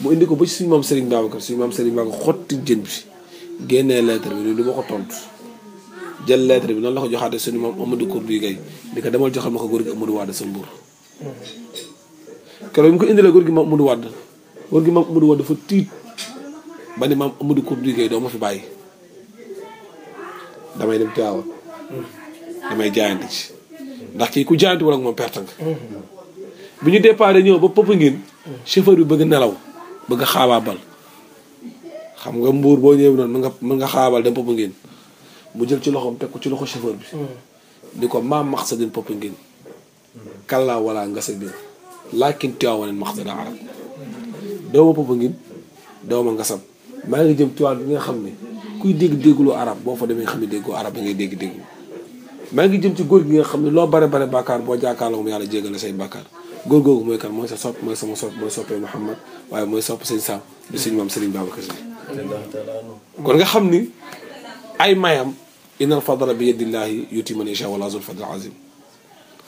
S3: mu indi ko ba ci suñu maam Serigne Babacar suñu maam Serigne Babacar jën bi génnee lettre bi ni du tontu jël lettre bi noonu la ko joxaate suñu maam Amadou Kourdi Gaye ko demal joxal ma ko góor gi Amadou Wade sa mbuur keroog bi mu ko indilee góor gi maam gi maam Amadou dafa tiit ba ni maam Amadou ko Gaye doo ma fi bàyyi damay dem Tiwaawan damay jaayante ci ndax kii ku jaayante wala moom perte nga bi ñu déparé ñëw ba Popenguine chauffeur bi bëgg nelaw bëgg a xaabaabal xam nga mbuur boo ñëw noonu mën nga mën nga xaabaabal dem mu jël ci loxoom teg ko ci loxo chauffeur bi di ko maa maqsadin Popenguine kallaa wala ngasa biir laakin Tiwaawanin maqsada arab dooma Popenguine dooma ngasam maa ngi jëm Tiwaawan bi nga xam ni kuy dégg dégglu arab boo fa demee xam ne déggoo arab dégg dégglu maa ngi jëm ci góor gi nga xam ne loo bare bare bàkkaar boo jàkkaarloo moom yàlla jéggal la say bàkkaar góor mooy kan mooy sa sopp mooy sama sopp mooy soppee Muhammad waaye mooy sopp sëñ Sam du sëñ maam Sëriñ Babacar Si kon nga xam ni ay mayam innal fadla bi yadillahi yuti man yasha wala zul fadl azim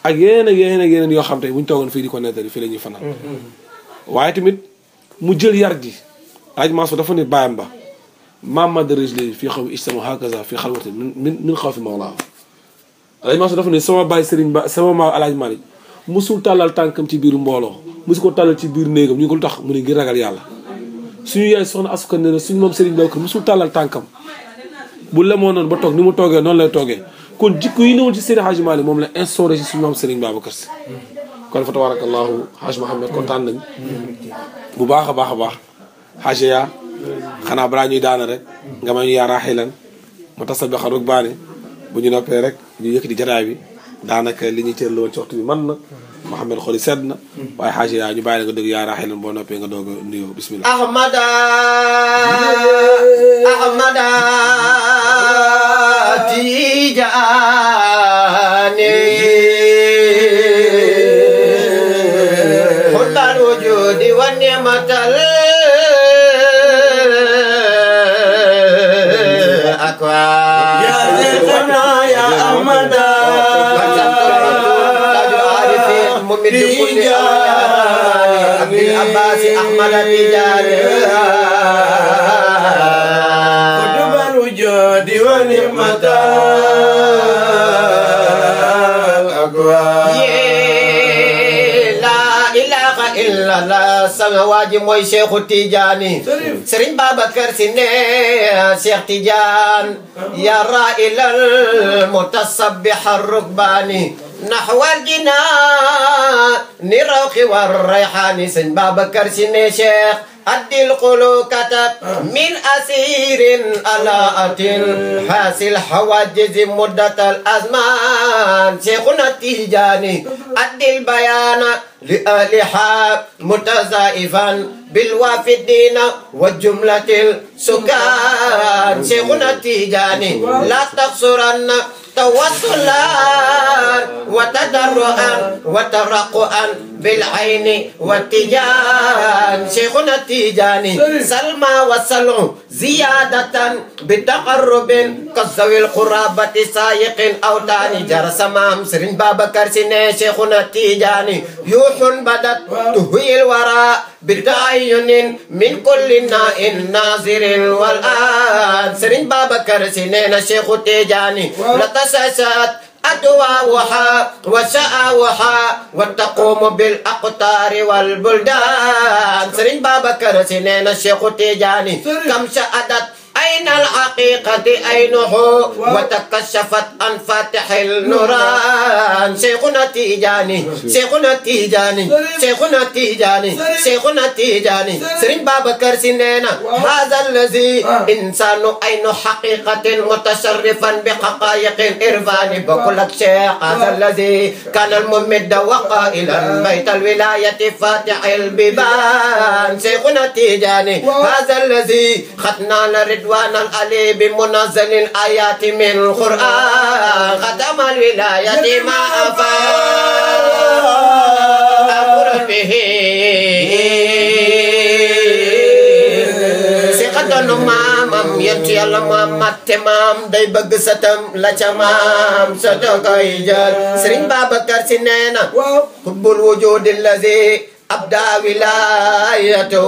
S3: ak yeneen ak yeneen ak yeneen yoo xam te bu ñu toogoon fii di ko nettali fii la ñuy fanaan
S4: mm-hmm.
S3: waaye tamit mu jël yar ji aj maasu dafa ne bàyyam ba ما مد رجلي في خو اجتمع هكذا في خلوة من من خوف مولاه Alaaj ne sama baay Serigne Ba sama maam Alaaj Malick musul tàllal tànkam ci biir mbooloo musu ko tàllal ci biir néegam ñu ngi ko lu tax mu ne ngir ragal yàlla suñu yaay soxna asuka nee na suñu moom Serigne Babacar musul tàllal tànkam bu lemoo noonu ba toog ni mu toogee noonu lay toogee kon jikko yi newoon ci Serigne Hadj Malick moom la instauré ci suñu maam Serigne Babacar si kon fa tabarakallahu Hadj kontaan nañ bu baax a baax a baax xanaa balaa ñuy daana rek nga may ñu yaa raaxilan mu tasal ba bu ñu noppee rek ñu yëkkati jataay bi daanaka li ñuy cërloo woon ci waxtu bi mën na Mouhamed xoli sedd na waaye xaaji yaa ñu la nga dégg yaa raaxilan boo noppee nga doog a nuyoo bismillah
S2: ahmada ahmada tijaani على بجارها قدم الوجود ونعمتها الأكوان illa la sama waa ji mooy Cheikhu Tidiane Serigne Babacar Sy ne Cheikh Tidiane ya railal mutasabbih ar-rukbani نحو الجنان الروق والريحان سن بابكر سن شيخ هد القلوب كتب من أسير على أتل حاصل حواجز مدة الأزمان شيخنا التيجاني أد البيان لأهلها متزائفا بالوافدين والجملة السكان شيخنا التيجاني لا تقصرن توصلا وتدرعا وترقعا بالعين والتجان شيخنا التيجاني سلمى وسلم زيادة بتقرب كالزوي القرابة سايق أو تاني جرى سمام سرين بابكر سنة شيخنا التيجاني يوح بدت تهوي الوراء بتعين من كل ناء ناظر والآن سرين بابكر سنة شيخ التيجاني لتساسات أدواؤها وشآوها وتقوم بالأقطار والبلدان سرين بابا كرسي نينا الشيخ تيجاني كم شهدت أين الحقيقة أينه وتكشفت عن فاتح النوران شيخنا تيجاني شيخنا تيجاني شيخنا تيجاني شيخنا تيجاني سرين بابا كرسينينا هذا الذي إنسان أين حقيقة متشرفا بحقائق إرفان بقولك شيخ هذا الذي كان الممد وقائلا بيت الولاية فاتح البيبان شيخنا تيجاني هذا الذي ختنا لرد رضوانا علي بمنزل الآيات من القرآن ختم الولاية ما أفاق أمر به سقطن مامم ينتي الله مامات تمام داي بغ ستم لا تمام صدق يجر سرين بابكر سنينا حب الوجود الذي أبدى ولايته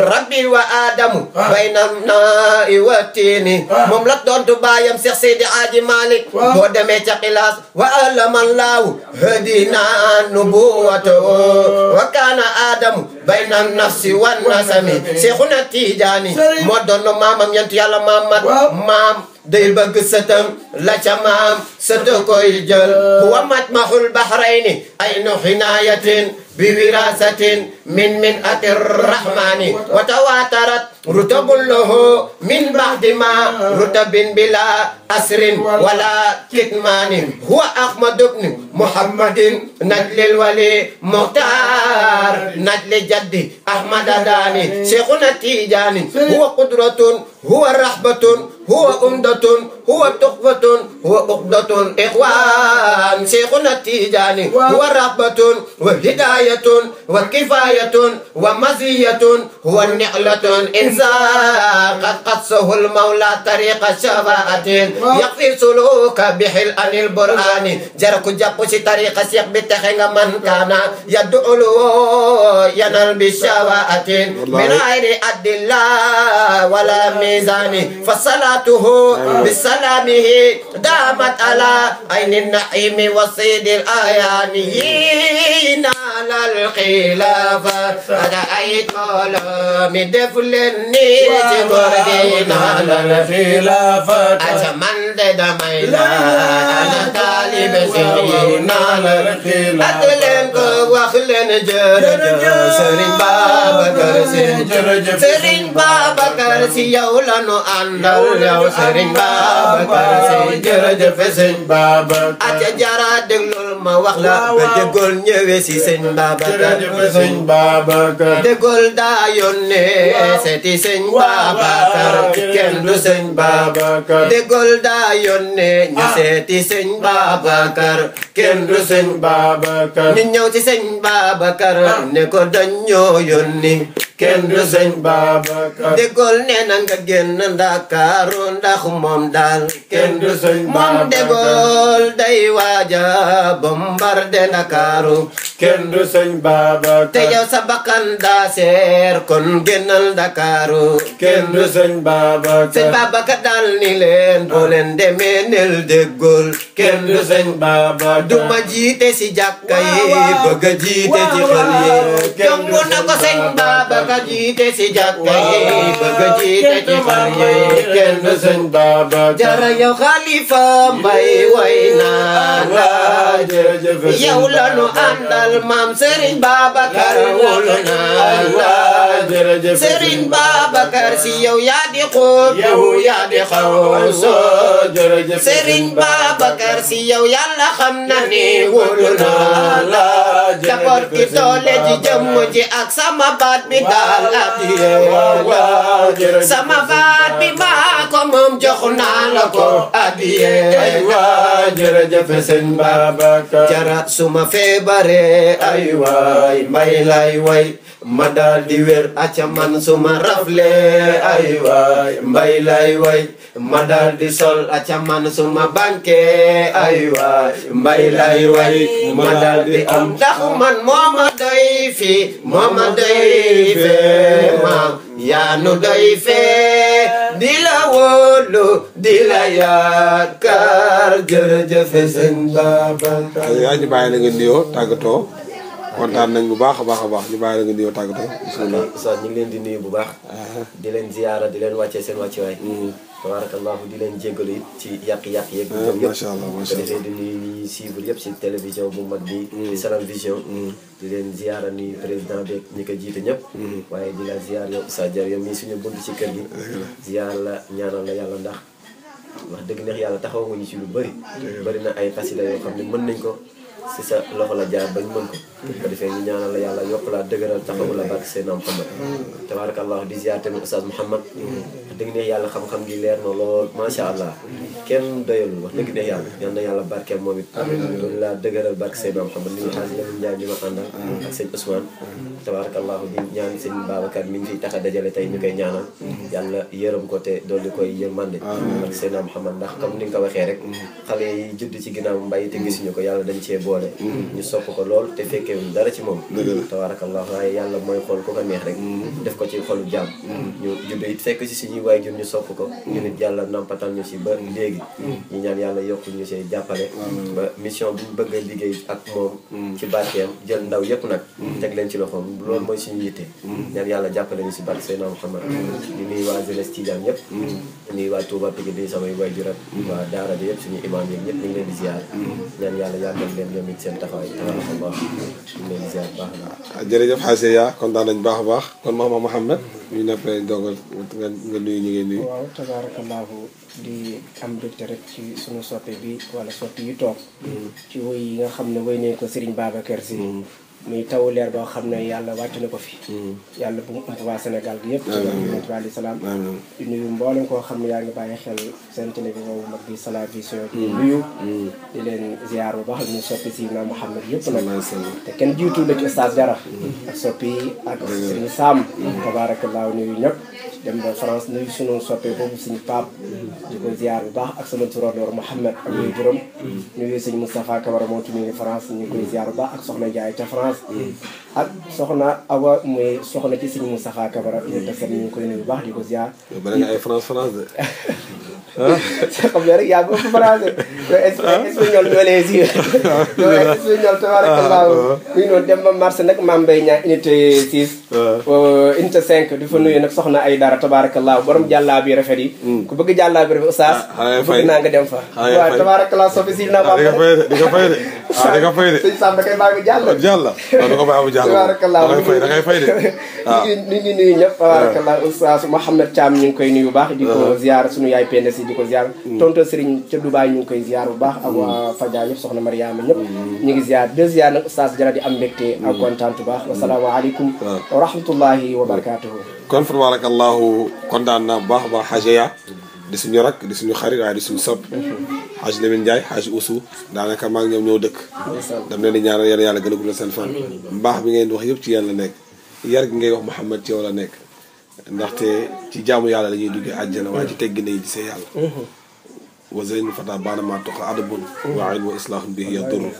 S2: ربي وآدم بين الناء والتين moom la doon tu baayam Seex Seydi Aaji Maalik ah. boo demee ca xilaas wa alama Allahu hadina nubuwwatahu wa kaana Aadamu bayna nafsi wa nasami ah. Seexuna Tijaani moo doon no maamam yant yàlla maam mat maam day bëgg sëtam la ca maam sëta koy jël huwa ah. majmahul bahrayni aynu hinaayatin بوراثة من منأة الرحمن وتواترت رتب له من بعد ما رتب بلا أسر ولا كتمان هو أحمد بن محمد نجل الولي مختار نجل جدي أحمد داني شيخنا تيجاني هو قدرة هو رحبة هو أمدة هو تقوة هو أقدة إخوان شيخنا تيجاني هو رحبة وهداية بداية وكفاية ومزية هو نعلة إن قد قصه المولى طريق شفاعة يقفي سلوك بحل عن البرآن جرك جقش طريق سيق بتخنغ من كان يدعو له ينال بشفاعة من غير عد الله ولا ميزان فصلاته بسلامه دامت على عين النعيم وصيد الآيان على الخلافة رأيت مولومي دفلني تقردين على الخلافة أتمنى damay naan ana taalibe Serigne naan ate leen ko wax leen jërëjëf Serigne Babacar Sy jërëjëf Serigne Babacar Sy yow la nu àndal yow Serigne Babacar Sy jërëjëf Serigne Babacar ate jara déglul ma wax la ba déggool ñëwee si Serigne Babacar Serigne Babacar déggool daa yónnee seeti Serigne Babacar kenn du Serigne Babacar déggool daa yónnee ñu seeti sëñ Babacar kenn du sëñ Babacar ñu ñëw ci ah. ne ko dañ ñoo yónni kenn du sëñ Babacar dégool nee na nga génn Ndakaaru ndax moom daal kenn du sëñ Babacar day waaja bombardé Ndakaaru kenn du sëñ Babacar te yow sa bakkan daa seer kon génnal Ndakaaru kenn du sëñ Babacar sëñ Babacar daal ni leen boo leen demee nel kenn du sëñ Babacar du ma jiite si si jàkka yi bëgg a jiite ci xol kenn du sëñ Babacar jara yow Xalifa Mbay way naa la jërëjëf la nu àndal Fall maam Serigne Babacar wóolu naa la jërëjëf Serigne Babacar si yow yaa xaw soo jërëjëf Serigne Babacar si xam na ne naa la jàppoot ki toole ji jëmm ak sama baat bi daal ak yow sama baat bi maa ko la ko adiyee jërëjëf jara suma feebare ay waay mbay lay way ma daal di wér aca man suma rafle ay waay mbay lay way ma daal di sol aca man suma banke ay waay mbay lay way ma daal di am ndax man moo ma doy fi moo ma doy fe maam yaa nu doy fee di la wóolu di la yaakaar jërëjëf sëñ Babacar.
S3: yaa ñu bàyyi la nga nuyoo tàggatoo. kontaan nañ bu baax a baax a baax ñu bàyyi la nga nuyoo tàggatoo ah, bisimilah Oustaz ñu ngi leen di nuyu bu baax ah. di leen ziyaara di leen wàccee seen wàcce waay mm.
S5: tabarakallahu di leen jéggalu ci yàq-yàq yeeg ñoom ah, yëpp macha allah macha allah dafay di nuyu ñuy suivre yëpp bu mag bi di mm. Salam mm. di leen ziyaara ni président beeg ñi ko jiite ñëpp waaye di la ziyaar yow Oustaz Diaw yow mii suñu bunt ci kër gi ziyaar la ñaanal la yàlla ndax wax dëgg neex yàlla taxaw nga ñu ci lu bëri bëri na ay xasida yoo xam ne mën nañ ko si sa loxo la jaar bañ mën ko. bu ko defee ñu ñaanal la yàlla yokk laa dëgëral taxawu la barke Seydina Muhammad. tabaarakallah di ziar tamit Oustaz Mouhamad. wax dëgg ne yàlla xam-xam gi leer na lool macha allah. kenn doyalul wax dëgg neex yàlla yal na yàlla barkeel moom it doolu laa dëgëral barke Seydina Mouhamed ni ñu xaas Lamine Ndiaye bi ma àndal ak sëñ Ousmane tabarakallahu di ñaan sëñ Babacar a dajale tey ñu koy ñaanal yàlla yërëm ko te dool di koy yërmande barke Seydina Mouhamed ndax comme ni nga ko waxee rek xale yi judd ci ginnaaw mbay te gisuñu ko yàlla dañ cee boole ñu sopp ko lool te fekkee dara ci moom tabarakallahu waaye yàlla mooy xool ku ko neex rek def ko ci xolu jàmm ñu judd it fekk ci suñuy waay jur ñu sopp ko ñu nit yàlla nampatal ñu si yi ñu ñaan yàlla yokk ñu see jàppale ba mission bu ñu bëgg a liggéey ak moom mm. ci barkeem jël ndaw yëpp nag mm. teg leen ci loxoom loolu mooy suñu yitte mm. ñaan yàlla jàppale ñu si barke Seydina Muhammad di nuyu waa jeunesse Tidiane yëpp nuyu waa Touba Pikine di samay waajur ak waa daara bi yëpp suñu imam yi ñëpp ñu ngi leen di ziar ñaan yàlla ah, a baax
S3: nga nuyu ñu ngi
S1: nuyu di am mbégte rek ci sunu soppe bi wala soppi yu toog. Mm. ci woy yi nga xam ne woy ne ko Serigne Babacar Sy. Mm. muy taw leer boo xam ne yàlla wàcc ne ko fi. Mm. yàlla bu mu ëmb waa Sénégal gi yëpp. ci wàllu wàllu salaam. di nuyu koo xam ne yaa ngi bàyyi xel seen télévision bu mag bi Salam Vision. di nuyu. di leen ziar bu baax ñu soppi si na Mouhamed yëpp nag. te kenn jiitu la ci stade Jara. ak soppi ak Serigne Sam. tabaarakallaa nuyu ñëpp. dem ba France nuyu sunu soppee boobu suñu paap di ko ziar bu baax ak sama turandoor Mouhamed ak muy juróom nuyu sëñ Moustapha Camara moom tamit France ñu koy ziar bu baax ak soxna Ndiaye ca France ak soxna Awa muy soxna ci sëñ Moustapha Camara ñu koy nuyu bu baax di ko ziar
S3: bari nga ay France France de
S1: xam nga rek yaa
S3: ngi ko français. espagnol ñoo lay si. alhamdulilah
S1: espagnol tabarakallah. noonu dem ba marché nag Mame Mbaye Niang unité 6. unité 5 di fa nuyu nag soxna ay dara tabarakallah borom jàllaa bi rafet yi. ku bëgg jàllaa bi rafet oustaz. naa nga dem fa. waaw tabarakallah sofi si na ma. di nga fay ko fay de. waaw ñu ngi nuyu ñëpp tabarakallah oustaz Mouhamed Thiam koy nuyu bu baax di ko ziyaar suñu yaay PNC di ko ziar mm. tonton Serigne ca baax ñu ngi koy ziar bu baax ak waa mm. Fadia yëpp soxna Mariama ñëpp mm. ñu ngi ziar de ziar na oustaz Jara di am mbégte ak kontaan bu baax wasalaamaaleykum ah. wa rahmatullahi wa barakatuhu
S3: kon fa tabarakallahu kontaan naa bu baax baax xajeya di suñu rak di suñu xarit waaye di suñu sopp xaaj mm-hmm. Lamine Ndiaye xaaj Oussou daanaka maa ngi ñoom ñoo dëkk dam leen di ñaanal yéen yàlla gën a guddal seen fan mbaax bi ngeen wax yëpp ci yéen la nekk yar ngay wax Mouhamed ci yow la nekk ndaxte ci jaamu yàlla la ñuy duggee àjjana waaye ci teggi nay gisee yàlla wa zeynul fata baanama toqa adabun wa ilmu islahum bihi yadurru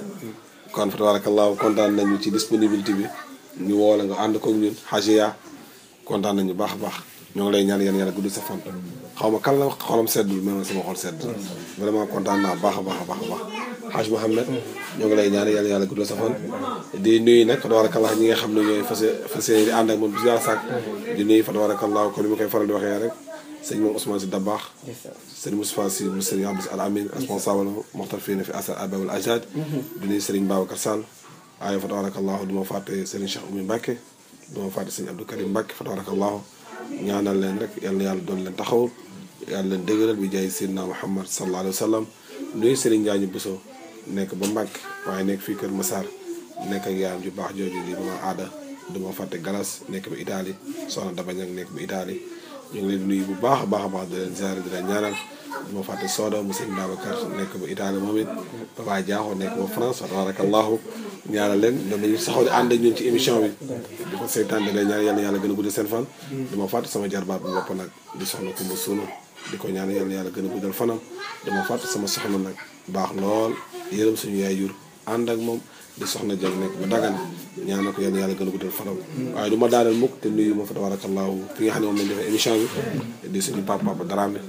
S3: kon fa tabarakallahu kontaan nañu ci disponibilité bi ñu woo la nga ànd ko ñun xajiya kontaan nañu baax a baax ñoo ngi lay ñaan yéen yàlla gudd sa fan xaw ma kan la xolam seddul mais man sama xol sedd vraiment kontaan naa baax a baax a baax a baax Hadj Mouhamed ñoo ngi lay ñaan yàlla yàlla guddal sa fan nga xam ne ñooy fas fas yéene di di nuyu fa tabarakallah ma koy faral di waxee rek sëñ moom Ousmane si Dabaax sëñ Moustapha si mu sëñ Abdou Al Amin responsable moxtar leen rek yàlla yàlla doon leen taxaw yàlla leen dëgëral bi jaay Seydina Muhammad sallallahu alayhi wa sallam nuyu sëriñ Njaañu Bousso nekk ba Mbàkke waaye nekk fii Kër Massar nekk ak yaayam ju baax jooju di aada du fàtte galas nekk ba Italie soxna Daba Ñang nekk ba Italie ñu ngi leen di nuyu bu baax a baax a baax di leen ziare di leen ñaanal du ma fàtte Soda mu sëñ moom it Papa nekk ba France wa tabarakallahu ñaanal leen ñoom dañuy saxaw di ànd ak ñun ci émission bi ko seetaan di leen ñaan yàlla yàlla gën a guddal ma fàtte sama jarbaat bu bopp nag di soxna Kumba ko ñaan yàlla yàlla gën a guddal dama fàtte sama soxna nag baax lool yërëm suñu yaay jur ànd ak moom di soxna jag nekk ba dagana ñaan na ko yenn yàlla gën a guddal fanam waaye du ma daaneel mukk te nuyu ma fa tabaarakallaahu fi nga xam ne moom lañ defee émission bi di suñu papa papa Dramé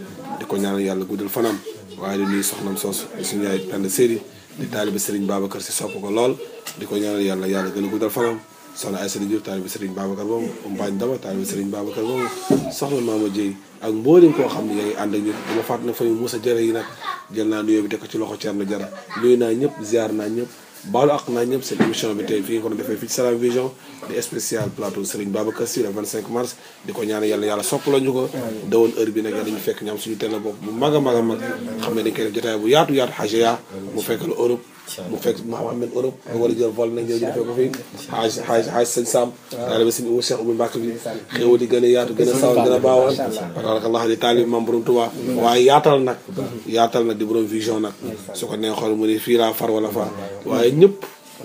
S3: ko ñaanal yàlla guddal fanam waaye di nuyu soxnam soos di suñu yaay Penda Seydi di taaliba baaba kër si sopp ko lool di ko ñaanal yàlla yàlla gën a guddal fanam soxna Aïssa Diop taalibe Serigne Babacar boobu Ompagne Daba taalibe Serigne Babacar boobu soxna Maama Dieye ak mboolem koo xam ne yaa ngi ànd ak ñun dama fàtt nag fa ñu Moussa Jara yi nag jël naa nuyoo bi teg ko ci loxo Thierno Jara nuyu naa ñëpp ziar naa ñëpp baalu ak naa ñëpp seen émission bi tey fii nga ko defee fii ci Salam Vision di spécial plateau Serigne Babacar Sy le 25 mars di ko ñaan yàlla yàlla sopp la ñu ko dawoon heure bi nag yàlla ñu fekk ñu am suñu télé bopp bu mag a mag a mag xam ne dañ koy def jotaay bu yaatu yaatu xaja mu fekk la Europe bu fekk maamaa mel Europe nga war a jël vol nag ñëw ñu defee ko fii xaaj xaaj xaaj sëñ Sam taaliba sëñ Umu Cheikh Umu Mbàkk bi xéwal yi gën a yaatu gën a saw gën a baawal tabarakallah di taalib maam borom Tuubaa waaye yaatal nag yaatal nag di borom vision nag su ko neexoon mu ne fii laa far wala faa waaye ñëpp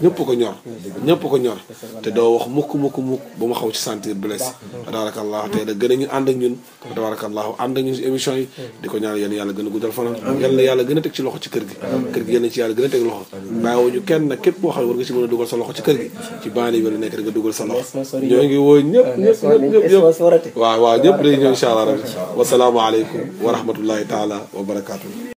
S3: ñëpp ko ñor ñëpp ko ñor te doo wax mukk mukk mukk ba mu xaw ci sentir blessé fa tabarakallahu tey da gën a ñu ànd ak ñun fa tabarakallahu ànd ak ñun si émission yi di ko ñaan yéen yàlla gën a guddal fanam yal na yàlla gën a teg ci loxo ci kër gi kër gi yal na ci yàlla gën a teg loxo bàyyiwuñu kenn képp boo war nga si mën a dugal sa loxo ci kër gi ci baani bi la nekk rek nga dugal sa loxo ñoo ngi woo ñëpp ñëpp ñëpp
S5: ñëpp
S3: waaw waaw ñëpp day ñëw incha allah rabbi wasalaamu aleykum
S4: wa